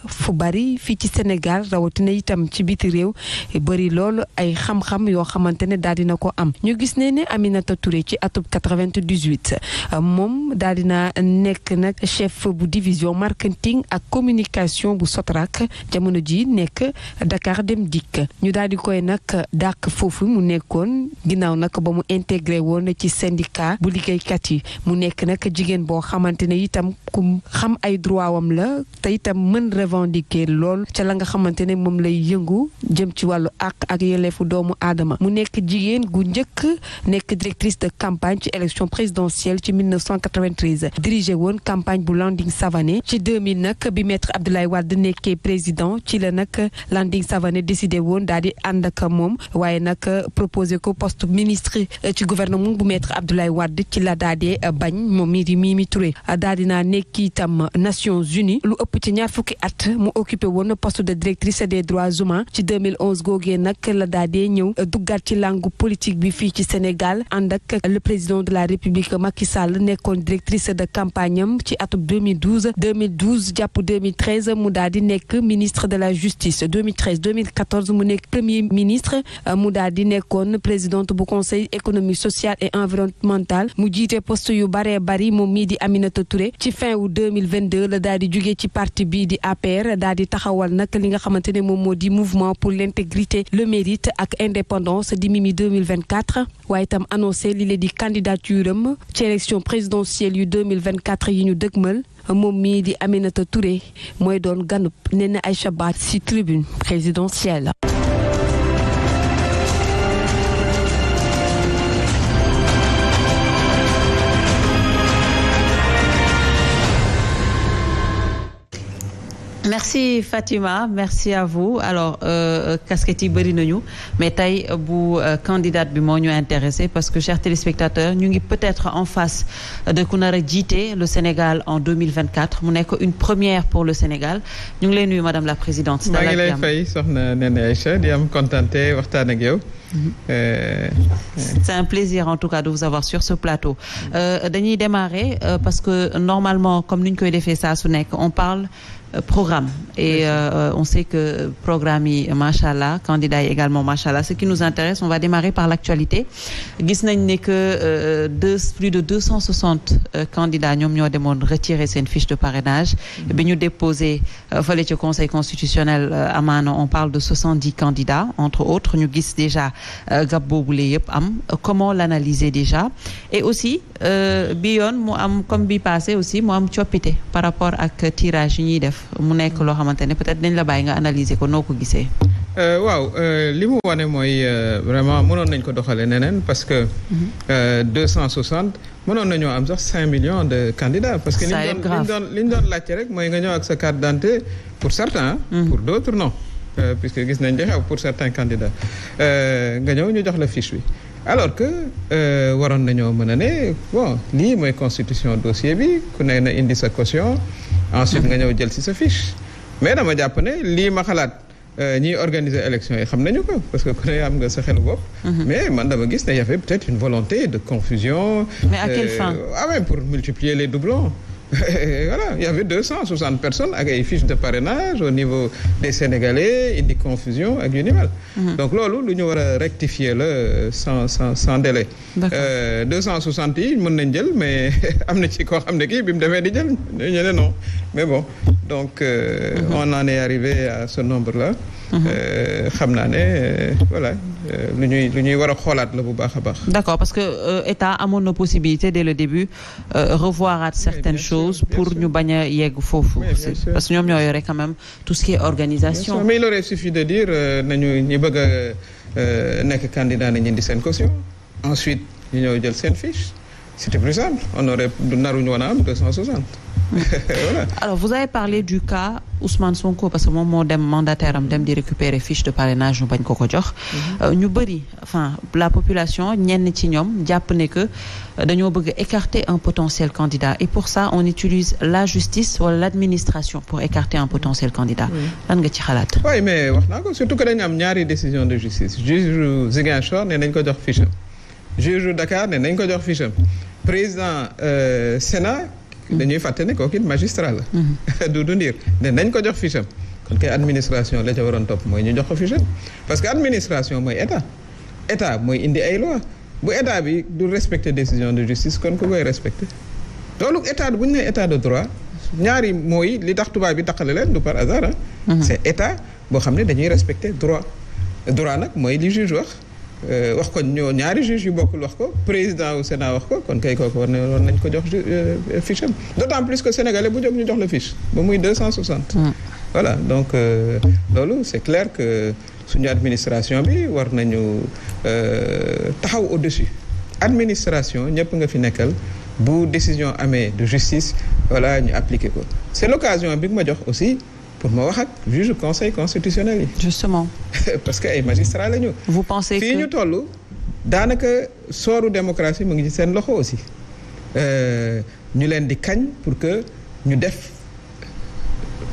fu bari fii ci Sénégal rawatina itam ci biti réew bari lool ay xam-xam yoo xamante ne daal dina ko am ñu gis ne ne Aminata Touré ci atub 98 moom daal dina nekk nag chef bu division marketing ak communication bu Sotrac jamono ji nekk dakaar Dem Dikk ñu daal di koy nag dàq foofu mu nekkoon ginnaaw nag ba mu intégré woon ci syndicat bu liggéeykat yi mu nekk nag jigéen boo xamante ne itam ku xam ay droit wam la te itam mën revendiquer lool ca la nga xamante ne moom lay yëngu jëm ci wàllu ak ak yelleefu doomu aadama mu nekk jigéen gu njëkk nekk directrice de campagne ci élection présidentielle ci 1993 dirigé woon campagne bu Landing Savané ci 2000 nag bi maître Abdoulaye Wade nekkee président ci la nag Landing Savané décidé woon daal di ànd ak moom waaye nag proposé ko poste ministre ci gouvernement bu maître Abdoulaye Wade ci la daal bañ moom mii di Mimi Touré daal di naa nekk at mu occupé woon poste de directrice des droits humains ci 2011 googee nag la daa dee ñëw duggaat ci langue politique bi fii ci Sénégal ànd ak le président de la République Macky Sall nekkoon directrice de campagne am ci atum 2012 2012 jàpp 2013 mu daal di nekk ministre de la justice 2013 2014 mu nekk premier ministre mu daal nekkoon présidente bu conseil économique social et environnemental mu jiite post yu baree bari moom mii di Aminata Touré ci fin wu 2022 la daal di jugee ci parti bii di AP APR daal di taxawal nag li nga xamante ne moom moo di mouvement pour l'intégrité le mérite ak indépendance di Mimi 2024 waaye itam annoncé li leen di candidature am ci élection présidentielle yu 2024 yi ñu dëgmal moom mii di Aminata Touré mooy doon ganub nee na Aïcha Ba ci tribune présidentielle merci Fatima merci à vous alors euh, euh, casquette yi bëri nañu mais tey euh, bu candidate bi moo ñu intéressé parce que chers téléspectateurs ñu ngi peut-être en face de ku nar a jiite le Sénégal en 2024 mu nekk une première pour le Sénégal ñu ngi lay nuyu madame la présidente. maa ngi lay fay soxna Nene Aïcha di am kontante waxtaan ak mm-hmm. en tout cas de vous avoir sur ce plateau. dañuy démarrer parce que normalement comme ni ñu koy defee saa su nekk on parle. Euh, programme et euh, on sait que programme yi macha allah candidat yi également macha allah ce qui nous intéresse on va démarrer par l'actualité gis nañ ne que euh, deux plus de deux cent soixante euh, candidats ñoom ñoo demoon retirer seen fiche de parrainage mm-hmm. bi ñu déposé fële ci conseil constitutionnel amaana on parle de soixante-dix candidats entre autres ñu gis déjà gab boobule yëpp am comment l'analyser déjà et aussi bi yoon mu am comme bi passé aussi mu am coppite par rapport ak tirage yi ñuy def mu nekk loo xamante ne peut-être dañ la bàyyi nga analyser ko noo ko gisee. Euh, waaw euh, li mu wane mooy euh, vraiment mënoon nañ ko doxalee neneen parce que. Mhm. deux cent soixante mënoon nañoo am sax million millions de candidats. parce que li ñu doon li ñu doon laajte rek mooy nga ñëw ak sa carte d'identité pour certains. Mhm. pour d'autres non. puisque gis nañ joxe pour certains candidats nga ñëw ñu jox la fiche wi alors que waroon nañoo mën a ne bon lii mooy constitution dossier bi ku ne na indi sa caution. ensuite nga ñëw jël si sa fiche mais nama jàpp ne lii ma xalaat euh, ñiy organiser élection yi xam nañu ko parce que ku ne am nga sa xelu bopp mhm. mais man dama gis ne y avait peut-être une volonté de confusion mais à quelle euh, fin ah pour multiplier les doublons voilà il y avait deux cent soixante personnes ak ay fiches de parrainage au niveau des Sénégalais indi confusion ak yu ni mel mhm. donc loolu lu ñu war a rectifier la sans sans sans délai euh, deux cent soixante yi mën nañ jël mais am na ci ko am ne kii bi mu demee di jël ñu ne non mais bon donc euh, mhm. on en est arrivé à ce nombre là Euh, xam naa ne euh, voilà euh, lu ñuy lu ñuy war xoolaat la bu baax a baax. d'accord parce que état amoon na possibilité dès le début revoir at certaines choses pour ñu bañ a yegg foofu. parce que ñoom ñoo yore quand même tout ce qui est organisation. mais il aurait suffi de dire ñu ñi bëgg a nekk candidat nañu di seen caution ensuite ñu ñëw jël seen fiche c'était plus simple on aurait naruñu woon a am voilà. alors vous avez parlé du cas Ousmane Sonko parce que moom moo dem mandataire am dem di récupérer fiche de parrainage ñu bañ ko ko jox. Mhm. Euh, ñu bëri enfin la population ñenn ci ñoom jàpp ne que euh, dañoo bëgg écarter un potentiel candidat et pour ça on utilise la justice wala l'administration pour écarter un potentiel candidat. lan nga ci xalaat. oui mais wax naa ko surtout que dañu am ñaari décision de justice juge Ziguinchor ne nañ ko jox fiche am juge Dakar ko jox fiche am président euh, Sénat. Mm-hmm. dañuy fàtte ne kooku it magistrat la. Mm-hmm. Doudou Ndir ne nañ ko jox fiche kon kay administration la ca waroon topp mooy ñu jox ko fiche am parce que administration mooy état état mooy indi ay loi bu état bi du respecter décision de justice kon ku koy respecter loolu état bu ñu nee état de droit ñaari mooy li tax tubaab bi taqale leen du par hasard ah. Mm-hmm. c'est état boo xam ne dañuy respecter droit droit nag mooy li juge wax. Euh, wax ko ñoo ñaari juge yu bokkul wax ko président wu Sénat wax ko kon kay kooku war nañ ko jox euh, fiche am d'autant plus que sénégalais bu jóg ñu jox la fiche ba muy deux cent soixante hmm. voilà donc euh, loolu c'est clair que suñu administration bi war nañu taxaw au-dessus administration ñëpp nga fi nekkal bu décision amee de justice voilà ñu appliquer ko c'est l'occasion bi nga jox aussi pour ma wax ak juge conseil constitutionnel yi. justement. parce que ay magistrats la ñu. vous pensez ñu toll daanaka sooru démocratie mu ngi ci seen loxo aussi euh, ñu leen di kañ pour que ñu def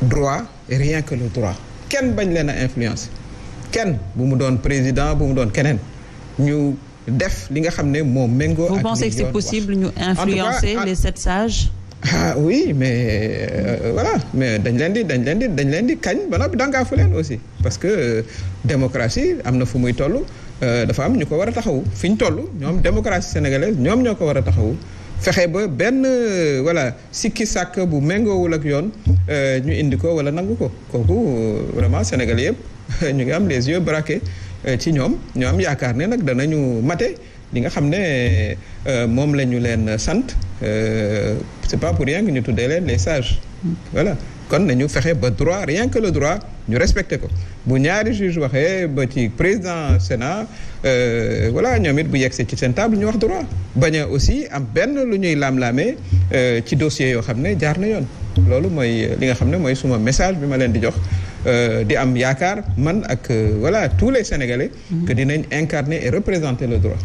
droit et rien que le droit kenn bañ leen a influence kenn bu mu doon président bu mu doon keneen ñu def li nga xam ne moo méngoo. ak vous pensez que c'est possible ñu influencer les sept sages. ah wii mais euh, voilà mais dañ leen di dañ leen di dañ leen di kañ ba noppi dànkaafu leen aussi parce que euh, démocratie am na fu muy toll euh, dafa am ñu ko war a taxawu fi ñu toll ñoom démocratie sénégalaise ñoom ñoo ko war a taxawu fexe ba benn euh, voilà sikki sàkk bu méngoowul ak yoon euh, ñu indi ko wala nangu ko kooku euh, vraiment sénégal yëpp ñu ngi am les yeux braqués ci ñoom ñoo am yaakaar ne nag danañu mate li nga xam ne euh, moom la ñu leen sant euh, c'est pas pour rien que ñu tuddee leen les sages voilà kon nañu fexe ba droit rien que le droit ñu respecté ko bu ñaari juge waxee ba ci président Sénat euh, voilà ñoom it bu see ci seen table ñu wax droit bañ aussi am benn lu ñuy laam-laamee ci dossier yoo xam ne jaar na yoon loolu mooy li nga xam ne mooy suma message bi ma leen di jox di am yaakaar man ak voilà tous les Sénégalais mm-hmm. que dinañ incarner et représenter le droit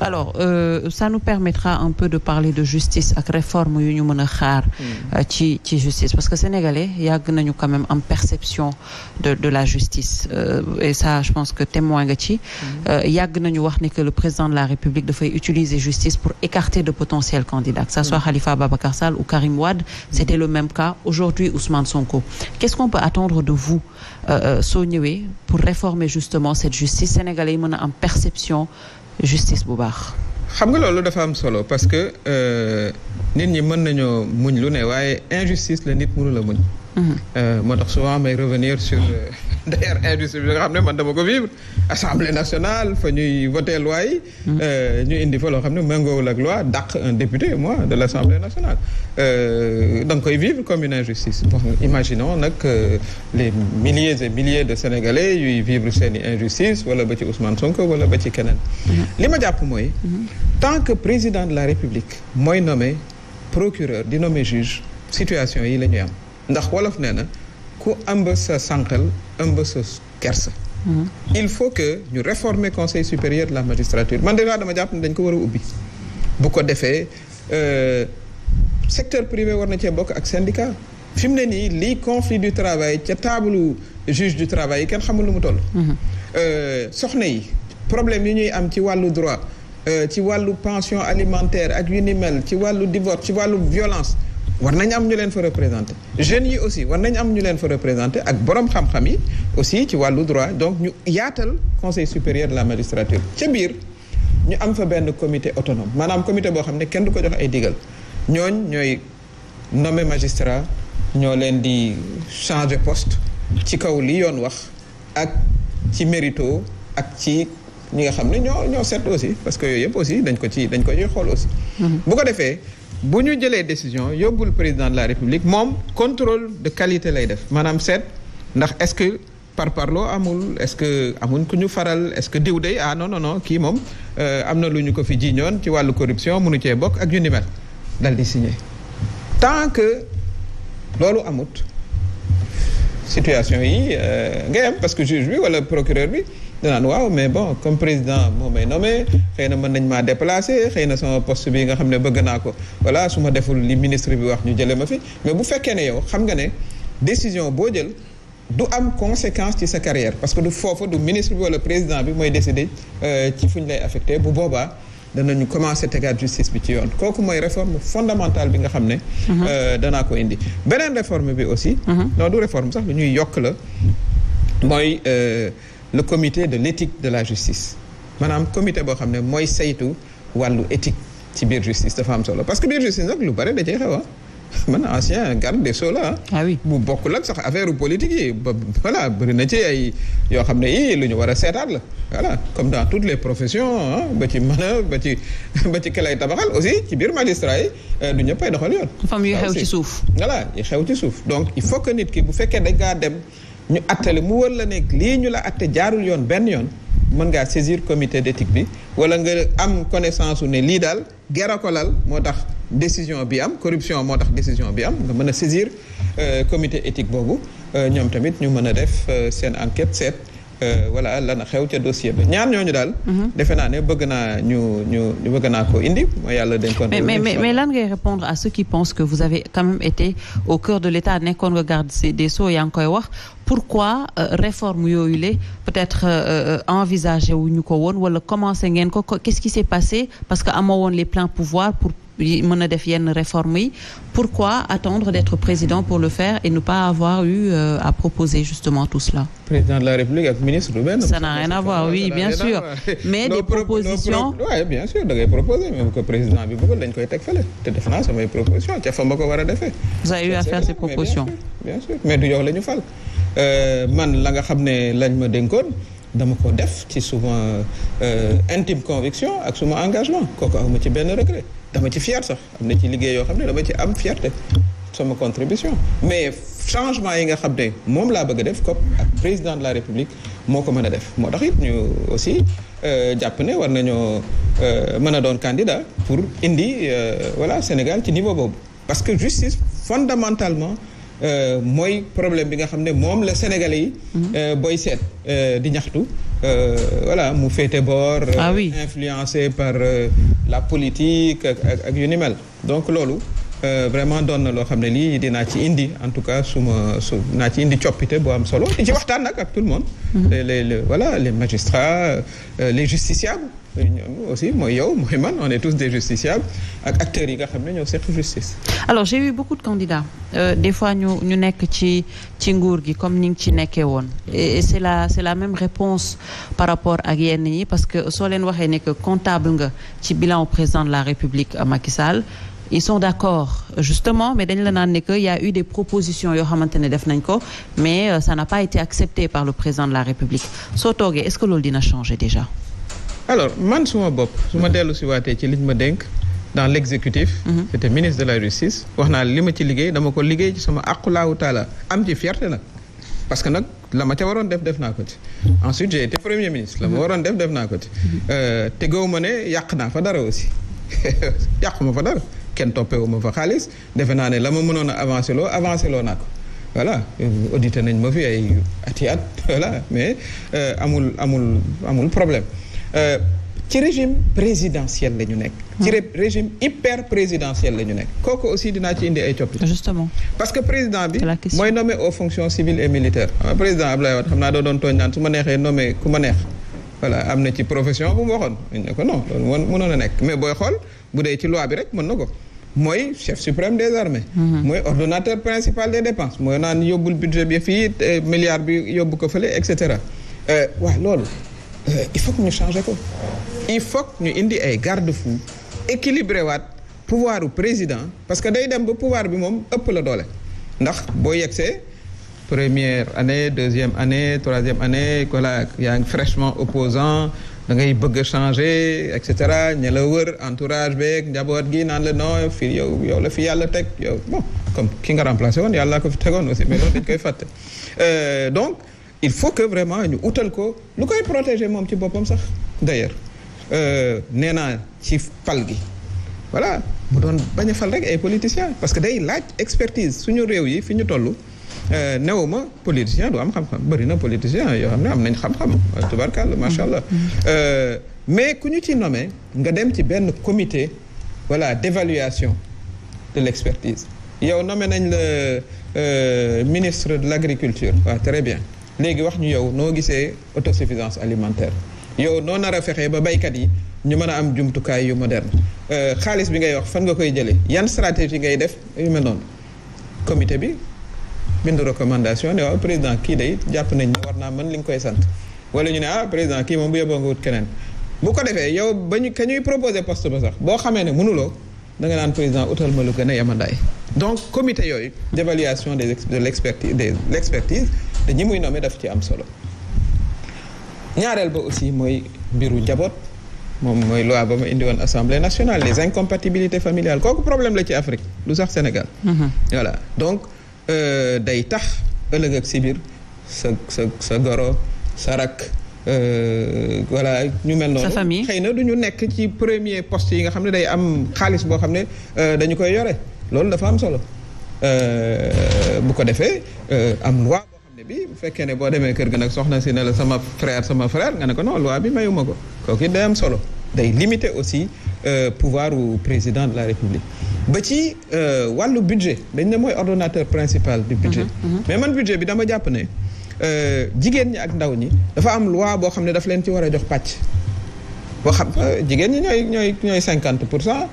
alors euh, ça nous permettra un peu de parler de justice ak réforme yu ñu mën a xaar hmm. euh, ci ci justice parce que sénégalais yàgg nañu quand même am perception de de la justice euh, et ça je pense que témoin nga ci hmm. euh, yàgg nañu wax ni que le président de la république dafay utiliser justice pour écarter de potentiels candidats que ça hmm. soit Khalifa Babacar Sall ou Karim Wade c'était le même cas aujourd'hui Ousmane Sonko qu'est-ce qu'on peut attendre de vous euh, soo ñëwee pour réformer justement cette justice sénégalais yi mën a am perception justice bu baax. xam nga loolu dafa am solo parce que euh, nit ñi mën nañoo muñ lu ne waaye injustice la nit mënu la muñ. Euh, moo tax souvent may revenir sur euh, d'ailleurs industrie bi nga xam ne man dama ko vivre assemblée nationale fa ñuy voté loi yi mm. euh, ñu indi fa loo xam ne méngoowul ak loi dàq un député moi de l'assemblée nationale da nga koy vivre comme une injustice bon imaginons nag les milliers et milliers de sénégalais yuy vivre seeni injustice wala ba ci Ousmane Sonko wala ba ci keneen mm-hmm. li ma jàpp mooy mm-hmm. tant que président de la république mooy nommé procureur di nommé juge situation yi la ñuy am ndax wolof nee na ku ëmb sa sànqal ëmb sa kersa. Mhm. il faut que ñu réformer conseil supérieur de la magistrature man déjà dama jàpp ne dañ ko war a ubbi. bu ko defee euh, secteur privé war na cee bokk ak syndicat fi mu ne nii lii conflit du travail ca taabalu juge du travail yi kenn xamul lu mu toll. Mhm. Euh, soxna yi problème yi ñuy am ci wàllu droit euh, ci wàllu pension alimentaire ak yu ni ci wàllu divorce ci wàllu violence. war nañ am ñu leen fa représenté jeunes yi aussi war nañ am ñu leen fa représenté ak borom xam-xam yi aussi ci wàllu droit donc ñu yaatal conseil supérieur de la magistrature ca biir ñu am fa benn comité autonome maanaam comité boo xam ne kenn du ko jox ay digal ñooñ ñooy nommé magistrat ñoo leen di changer poste ci kaw li yoon wax ak ci mérito ak ci ñi nga xam ne ñoo ñoo seet aussi parce que yooy yëpp aussi dañ ko ci dañ ko ciy xool aussi mm-hmm. bu ko defee bu ñu jëlee décision yóbbul président de la république moom contrôle de qualité lay def maanaam seet ndax est-ce que par par loo amul est-ce que amuñ ku ñu faral est-ce que diw day ah non non kii moom euh, am na lu ñu ko fi jiiñoon ci wàllu corruption mënu cee bokk ak yu ni mel dal di tant que loolu amut situation yi euh, ngay am parce que juge bi walla procureur bi. danaan waaw mais bon comme président moo may nommé xëy na mën nañ maa déplacé xëy na sama poste bi nga xam ne bëgg naa ko voilà su ma deful li ministre bi wax ñu jëlee ma fi mais bu fekkee ne yow xam nga ne décision boo jël du am conséquence ci sa carrière parce que du foofa du ministre bi wala président bi mooy décider euh, ci fu ñu lay affecté bu boobaa danañu commencé tegaat justice bi ci yoon kooku mooy réforme fondamentale bi nga xam ne mhm. euh, danaa ko indi beneen réforme bi aussi mhm. non du sax lu ñuy yokk le comité de l'éthique de la justice maanaam comité boo xam ne mooy saytu wàllu éthique ci biir justice dafa am solo parce que biir justice nag lu bare da cee xew ah. man ancien garde des Sceaux la ah, ah oui bu bokkul ak sax affaire politique yi ba voilà bëri na ci ay yoo xam ne yii lu ñu war a seetaat la voilà comme dans toutes les professions ah, ba ci mën ba ci ba ci kelay tabaxal aussi ci biir magistrat yi euh, du ñëppay doxal yoon. fam yu xew ci suuf. voilà xew ci suuf donc il faut que nit ki bu fekkee da ngaa dem. ñu attale mu wër la nekk lii ñu la atte jaarul yoon benn yoon mën ngaa saisir comité d'éthique bi wala nga am connaissance su ne lii daal gera moo tax décision bi am corruption moo tax décision bi am nga mën a saisir euh, comité éthique boobu euh, ñoom tamit ñu mën a def euh, seen enquête seet Euh, voilà lana xew ca dossier ba ñaar ñooñu daal. Mhm. defe naa ne bëgg naa ñu ñu ñu ko indi mais mais répondre à ceux qui pensent que vous avez quand même été au cœur de l'État nekkoon garde des Sceaux yaa ngi koy pourquoi euh, réforme yooyu la peut-être euh, envisagé wu ñu ko woon wala commencé ngeen ko qu'est-ce qui s'est passé parce que amoo les pleins pouvoirs mën a def yenn réformes yi pourquoi attendre d'être président pour le faire et ne pas avoir eu euh, à proposer justement tout cela. président de la république ak ministre du benn. ça n'a rien à voir oui bien sûr. mais des propositions oui bien da ngay président bi bëggoon dañ koy teg fële te def naa samay proposition ca fa ma ko war a defee. vous avez eu à faire ces propositions. bien sûr mais du la ñu fal euh, man la nga xam ne lañ ma dénkoon. dama ko def ci suma euh, intime conviction ak suma engagement benn regret. dama ci fier sax am na ci liggéey yoo xam ne dama ci am fierté sama contribution mais changement yi nga xam ne moom laa bëgg a def COP ak président de la république moo ko mën a def moo tax it ñu aussi euh, jàpp ne war nañoo euh, mën a doon candidat pour indi wala euh, Sénégal ci niveau boobu. parce que justice fondamentalement mooy problème bi nga xam ne moom la Sénégalais yi. Mm-hmm. booy seet di ñaxtu voilà mu féete boor. ah oui influencé par. la politique ak ak yu ni mel donc loolu Euh, vraiment doon na loo xam ne lii dinaa ci indi en tout cas su ma naa ci indi coppite boo am solo di ci waxtaan nag ak tout le monde. Mhm. les les voilà les euh, les justiciables. ñoom mooy yow mooy man on est tous des justiciables ak acteurs yi nga xam ne ñoo seq justice. alors j'ai eu beaucoup de candidats euh, des fois ñu ñu nekk ci ci nguur gi comme ni ngi ci nekkee woon et c'est la c'est la même réponse par rapport ak yenn yi parce que soo leen waxee ne que comptable nga ci bilan au président de la République euh, Macky Sall. ils sont d'accord justement mais dañ la naan ne que y a eu des propositions yoo xamante ne def nañ ko mais euh, ça n'a pas été accepté par le président de la République soo toogee est-ce que loolu dina changer déjà alors man suma bopp su ma mhm. dellu si waatee ci liñ ma dénk dans l'exécutif j'étais mhm. ministre de la justice wax naa li ma ci liggéey dama ko liggéey ci sama aqulaahu taala am ci fierté nag parce que nag la ma ca waroon def def naa ko ti ensuite j'ai été la ma mhm. waroon def def naa ko ci euh, ma ne yàq naa fa dara aussi yàqu ma fa kenn toppewu ma fa xaalis defe naa ne la ma mënoon a avancé loo avancé loo naa ko voilà nañ ma fi ay ati at voilà mais euh, amul amul amul problème euh, ci régime présidentiel la ñu nekk. ci régime hyper présidentiel la ñu nekk. kooku aussi dina ci indi ay coppite. justement parce que président bi. mooy nommé aux fonctions civiles et militaires. Ah, président Abdoulaye Wade xam naa doo doon tooñ naan su ma neexee nommé ku ma neex. voilà am na ci profession bu mu waxoon. ñu ne ko non loolu nekk mais booy xool bu dee ci loi bi rek mën na ko. mooy chef suprême des armées mm-hmm. mooy ordonnateur principal des dépenses mooy naan yóbbul budget bi fii milliard bi yóbbu ko fale et cetera euh, waaw loolu euh, il faut ñu changer ko il faut ñu indi ay garde-fous équilibré waat pouvoir président parce que day dem ba pouvoir bi moom ëpp la doole ndax boo yegsee première année deuxième année troisième année voilà yaa ngi fraîchement opposant da ngay bëgg a changer et cetera ña la wër entourage beeg njaboot gi naan la non fii yow la fi yàlla teg yow bon comme ki nga remplacé woon yàlla ko fi tegoon aussi mais loolu dañ koy fàtte euh, donc il faut que vraiment ñu utal ko lu koy protéger moom ci boppam sax d'ailleurs euh, nee naa ci fal gi voilà mu doon bañ a fal rek ay politiciens parce que day laaj expertise suñu réew yi fi ñu toll Euh, néew ma politicien du am xam-xam bëri na politicien yoo xam ne am nañ xam-xam tubarkàlla macha allah. Mm-hmm. Euh, mais ku ñu ci nommé nga dem ci benn comité voilà d'évaluation de l'expertise yow nommé nañ la euh, ministre de l'agriculture waaw ah, très bien léegi wax ñu yow noo gisee autosuffisance alimentaire yow noo nar a fexee ba baykat yi ñu mën a am jumtukaay yu moderne xaalis bi ngay wax fan nga koy jëlee yan stratégie ngay def yu mel noonu comité bi bind recommandation ne waaw président kii day jàpp nañ ne war naa mën li nga koy sant wala ñu ne ah président kii moom bu yóbboo nga wut keneen bu ko defee yow ba ñu ka ñuy proposé poste ba sax boo xamee ne mënuloo da nga naan président utal ma lu gën a yemandaay donc comité yooyu d'évaluation des de l'expertise de l'expertise te ñi muy nommé daf ci am solo ñaareel ba aussi mooy mbiru njaboot moom mooy loi ba ma indi woon assemblée nationale les incompatibilités familiales kooku problème la ci Afrique lu sax Sénégal mhm. voilà Euh, day tax ëllëg ak si sa sa sa goro sa rak euh, voilà ñu mel noonu. sa xëy na du ñu nekk ci premier poste yi nga xam ne day am xaalis boo xam ne euh, dañu koy yore loolu dafa am solo bu ko defee am loi. bi bu fekkee ne boo demee kër ga nag soxna si ne la sama frère sama frère nga ne ko non loi bi mayu ma ko kooku it day am solo day limiter aussi euh, pouvoir u président de la république ba ci euh, wàllu budget dañ ne mooy ordonnateur principal du budget mm-hmm, mm-hmm. mais man budget bi dama jàpp ne euh, jigéen ñi ak ndaw ñi dafa am loi boo xam ne daf leen ci war a jox pàcc boo xam jigéen ñi ñooy ñooy ñooy cinquante pour cent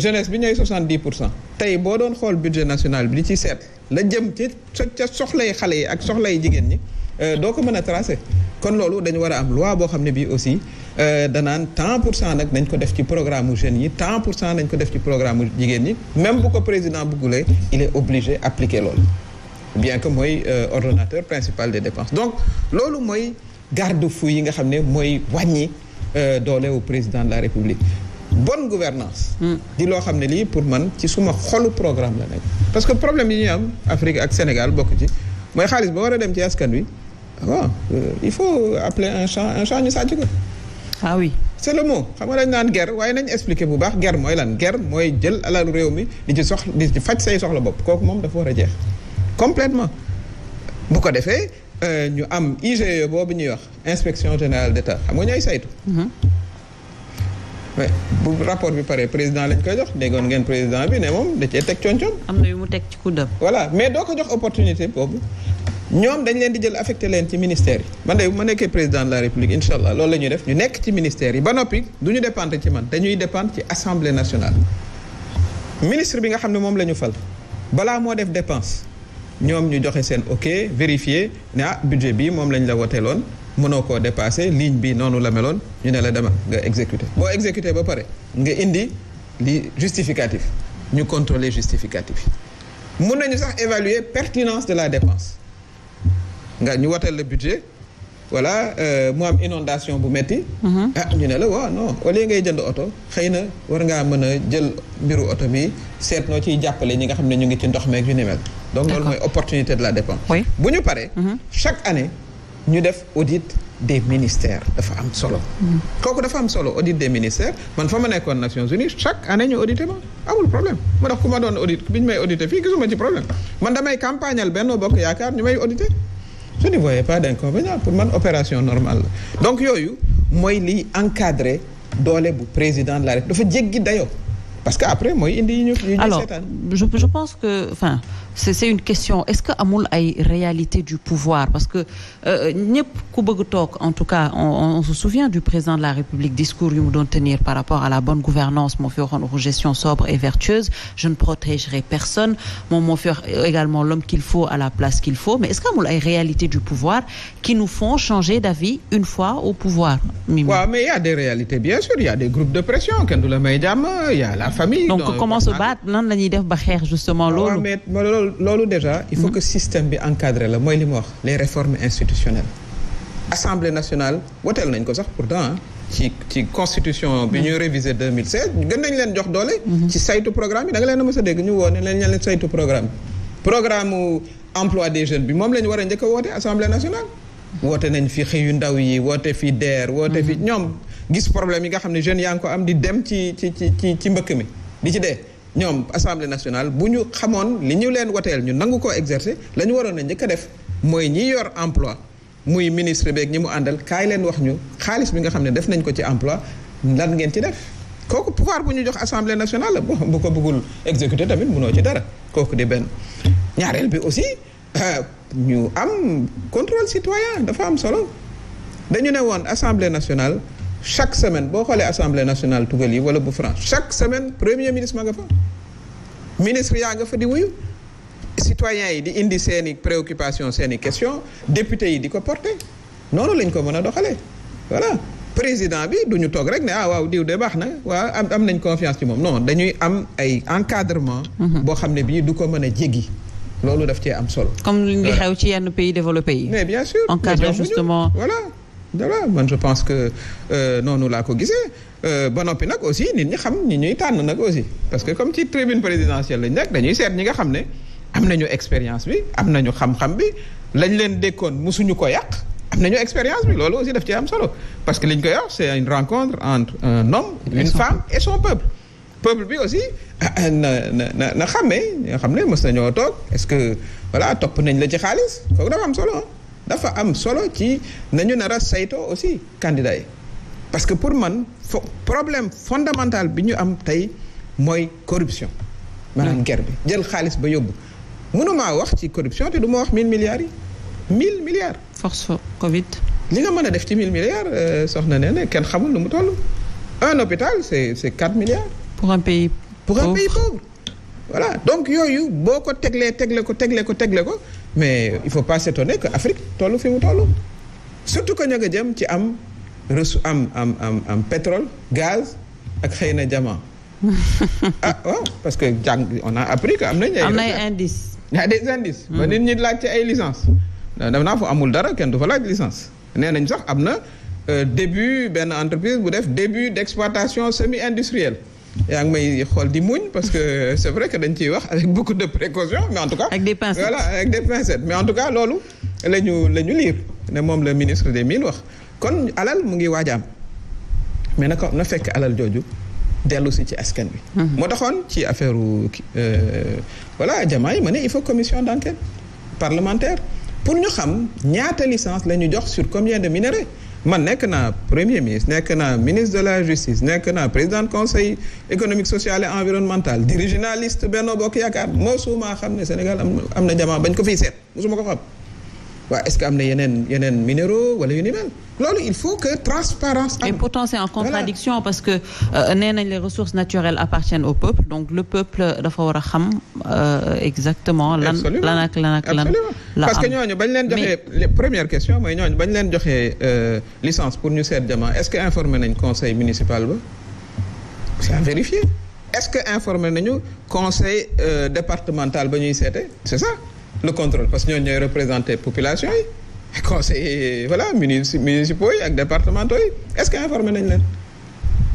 jeunesse bi ñooy soixante dix pour cent tey boo doon xool budget national bi di ci seet la jëm ci ca soxlay xale yi ak soxlay jigéen ñi euh, doo ko mën a tracé kon loolu dañu war a am loi boo xam ne bii aussi euh, danaan temps pour cent nag nañ ko def ci programme mu jeunes yi tant pour cent nañ ko def ci programme mu même bu ko président bëggulee il est obligé appliquer lool bien que mooy euh, ordonnateur principal de dépenses donc loolu mooy garde-fou yi nga xam ne mooy wàññi doolewu président de la république bonne gouvernance di loo xam ne lii pour man ci suma xolu programme la nekk parce que problème yi ñu am Afrique ak Sénégal bokk ci mooy xaalis boo war a dem ci askan wi ah bon euh, il faut appeler un champ un champ ñu sàcc ko ah le mot xam nga dañ naan ger waaye nañ expliquer bu baax ger mooy lan ger mooy jël alalu réew mi di ci soxla di ci faj say soxla bopp kooku moom dafa war a jeex complètement bu ko defee euh, ñu am IGE boobu ñuy wax inspection général d'État xam nga ñooy saytu mm-hmm. mais bu rapport bi pare président lañ koy jox déggoon ngeen président bi ne moom da cee teg coñcoñ. am mu teg ci kuddam. mais doo ko jox opportunité boobu ñoom dañ leen di jël affecté leen ci ministère yi. man de bu ma nekkee président de la république incha allah loolu la ñuy def ñu nekk ci ministère yi ba noppi du ñu dépendre ci man dañuy dépendre ci assemblée nationale. ministre bi nga xam ne moom la ñu fal balaa moo def dépense ñoom ñu joxe seen ok vérifier ne ah budget bi moom lañ la woteeloon. mënoo ko dépassé ligne bi noonu la meloon ñu ne la dema nga exécuté boo exécuté ba pare nga indi li justificatif ñu contrôler justificatif yi mun nañu sax évaluer pertinence de la dépense nga ñu watal le budget voilà euh, mu am inondation bu metti mhm. ah ñu ne la waaw non au ngay jënd oto xëy na war ngaa mën a jël mbiru oto bi seet noo ciy jàppale ñi nga xam ne ñu ngi ci ndox meeg yu mel donc lool mooy opportunité de la dépense bu ñu paree mhm. chaque année ñu def audit des ministères dafa am solo. kooku dafa am solo audit des ministères man fa ma nekkoon Nations Unies chaque année ñu audité ma amul problème ma tax ku ma doon audit bi ñu may audité fii gisuma ci problème man damay campagnal Benno Bokk Yaakaar ñu may audité je ne voyais pas d'inconvénient pour man opération normale la donc yooyu mooy liy encadrer doole bu président de la République dafa jéggi dayoo parce que après mooy indi ñu. yi je pense que enfin. c'est c'est une question est-ce que amul ay réalité du pouvoir parce que euh, ñëpp ku bëgg toog en tout cas on, on se souvient du président de la République discours yu mu doon tenir par rapport à la bonne gouvernance moo fi waxoon gestion sobre et vertueuse je ne protégerai personne moo fi wax également l'homme qu'il faut à la place qu'il faut mais est-ce que amul ay réalité du pouvoir qui nous font changer d'avis une fois au pouvoir Mimi waaw mais il y a des réalités bien sûr il y a des groupes de pression kenn du y a la famille donc comment se loolu loolu déjà il faut mm-hmm. que système bi encadré la mooy li mu wax les réformes institutionnelles assemblée nationale woteel nañ ko sax pourtant ci ci constitution bi mm-hmm. ñuy révisé 2016 gën nañ leen jox doole mm-hmm. ci saytu programme yi da leen a mës a dégg ñu woo ne leen ña leen saytu programme programme emploi des jeunes bi moom la ñu war a njëkk a woote assemblée nationale woote nañ fi xëyu ndaw yi woote fi DER woote fi ñoom gis problème yi nga xam ne jeunes yaa ngi ko am di dem ci ci ci ci ci mbëkk mi di ci dee ñoom assemblée nationale bu ñu xamoon li ñu leen wateel ñu nangu koo exercer la ñu waroon na njëkk a def mooy ñi yor emploi muy ministre beeg ñi mu àndal kaay leen wax ñu xaalis bi nga xam ne def nañ ko ci emploi lan ngeen ci def kooku pouvoir bu ñu jox assemblée nationale bon bu ko bëggul exécuter tamit mënoo ci dara kooku di benn ñaareel bi aussi euh, ñu am contrôle citoyen dafa am solo dañu ne woon assemblée nationale chaque semaine boo xoolee assemblée nationale tugal yi wala bu France chaque semaine premier ministre ma nga fa ministre yaa nga fa di wuyu citoyens yi di indi seen i préoccupation seen i question député yi di ko porter noonu lañ ko mën a doxalee voilà président bi du ñu toog rek ne ah waaw diw de baax na waaw am am nañ confiance ci moom non dañuy am ay encadrement mhm. boo xam ne bi du ko mën a jéggi loolu daf cee am solo comme li xew ci yenn pays développés yi mais bien voilà man je pense que euh, noonu laa ko gisee euh, ba noppi nag aussi nit ñi xam ñi ñuy tànn nag aussi parce que comme ci tribune présidentielle lañ nekk dañuy seet ñi nga xam ne am nañu expérience bi am nañu xam-xam bi lañ leen dékkoon musuñu ko yàq am nañu expérience bi loolu aussi daf ci am solo parce que li koy wax c'est une rencontre entre un homme une femme et son peuple peuple bi aussi euh, na na na nga xam ne mës nañoo toog est-ce que voilà topp nañ la ci xaalis foog dafa am solo dafa am solo ci nañu nar sayto aussi candidat yi parce que pour man fo problème fondamental bi ñu am tey mooy corruption maanaam mm. ger bi jël xaalis ba yóbbu mënumaa wax ci corruption te du ma wax mille milliards yi mille milliards force covid li nga mën a def ci mille milliards euh, soxna nee ne kenn xamul nu mu toll un hôpital c'est c'est quatre milliards pour un pays pour un pays pauvre voilà donc yooyu boo ko teglee tegle ko tegle ko tegle ko mais il faut pas s'étonner que Afrique toll fi mu toll surtout que ña nga jëm ci am resu am am am am gaz ak xëy na diamant ah waaw parce que jàng on a appris que am nañ am nay indice y a des indices ba hmm. nit ñi laaj ci ay licence dam naa fu amul dara kenn du fa laaj licence nee nañ sax am na euh, début benn entreprise bu def début d'exploitation semi-industrielle yaa ngi may xool di muñ parce que c'est vrai que dañ ciy wax avec beaucoup de précaution mais en tout cas. avec des mais en tout cas loolu la ñu la ñu liir ne moom la ministre des mines wax kon alal mu ngi waaj a am mais na ko na fekk alal jooju dellu si ci askan bi mhm. moo taxoon ci affaire euh, voilà jamaay ma ne il faut commission d'enquête parlementaire pour ñu xam ñaata licence la ñu jox sur combien de minerais. man nekk na premier ministre nekk naa ministre de la justice nekk na président conseil économique social et environnemental dirige naa liste Benno Bokk Yaakaar mosuma xam ne Sénégal am am na jamaa bañ ko fi seet mosuma ko xam waa est-ce que am na yeneen yeneen minéraux wala yu ni loolu il faut que transparence am. et pourtant c'est en contradiction voilà. parce que euh, nee nañ les ressources naturelles appartiennent au peuple donc le peuple dafa war a xam euh, exactement. lan lan ak lan ak la parce que ñooñu bañ leen joxee première question mooy ñooñu bañ leen joxe euh, licence pour ñu seet jamono est-ce que informé nañ conseil municipal ba c'est à vérifier est-ce que informé nañu conseil départemental ba ñuy seete c'est ça le contrôle parce que ñooñu ñooy population conseillers voilà ministres municipaux yi ak départementaux yi est-ce que informé nañ leen.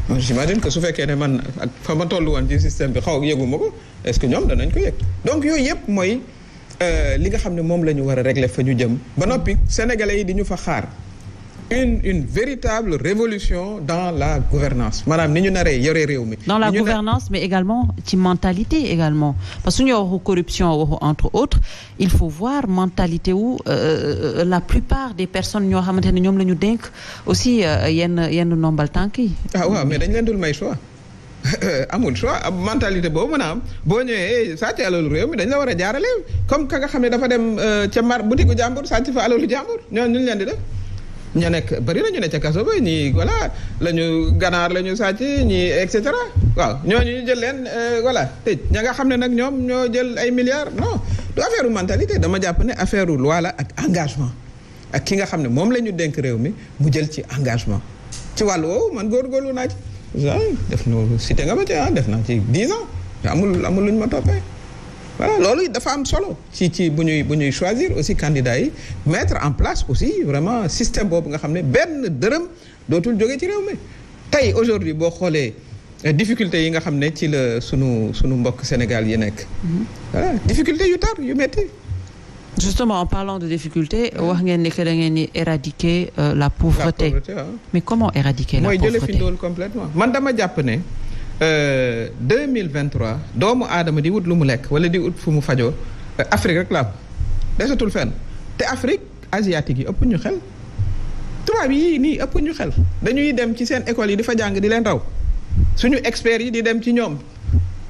donc j'imagine que su fekkee ne man ak fa ma toll woon ci système bi xaw a yëguma est-ce que ñoom danañ koy yëg donc yooyu yëpp mooy euh, li nga xam ne moom la ñu war a régler fa ñu jëm ba noppi sénégalais yi di ñu fa xaar. une une véritable révolution dans la gouvernance maanaam ni ñu naree yore réew mi. dans la gouvernance mais également ci mentalité également parce que su ñu waxu corruption waxu entre autres il faut voir mentalité wu euh, euh, la plupart des personnes ñoo xamante ne ñoom la ñu dénk aussi euh, yen yenn nombal tànk yi. ah waaw mais dañ leen dul may choix. amul choix ab mentalité boobu mën a am boo ñëwee sàcc alalu réew mi dañ la war a jaarale comme ka nga xam ne dafa dem ca mar boutique gu jàmbur sàcc fa alalu jàmbur ñooñu ñu leen di def. ñoo nekk bari na ñu ne ca kaso ba ñii voilà lañu ganaar lañu ñu sàcc ñii et cetera waaw ñoo ñu jël leen euh, voilà tëj ña nga xam ne nag ñoom ñoo jël ay milliards non du affaire mentalité dama jàpp ne affaire loi la ak engagement ak ki nga xam ne moom la ñu dénk réew mi mu jël ci engagement ci wàll woowu man góorgóorlu naa ci def na cité nga ma ci ah def naa ci 10 ans amul amul lu ma toppee voilà loolu dafa am solo ci ci bu ñuy bu ñuy choisir aussi candidats yi mettre en place aussi vraiment système boobu nga xam ne benn dërëm dootul jóge ci réew mi tey aujourd'hui boo xoolee euh, difficulté yi nga xam ne ci la sunu sunu mbokk Sénégal yi nekk mhm. voilà difficulté yu tar yu métti justement en parlant de difficulté wax ngeen ni que da ngeen di éradiquer euh, la pauvreté mais comment éradiquer la pauvreté mooy jële fi ndóol man dama jàpp ne Euh, deux mille vingt doomu aadama di wut lu mu lekk wala di wut fu mu fajoo euh, Afrique rek laa desatul fen te Afrique asiatique yi ëpp ñu xel tubaab yii nii ëpp ñu xel dañuy dem ci seen école yi di fa jàng di leen raw suñu experts yi di dem ci ñoom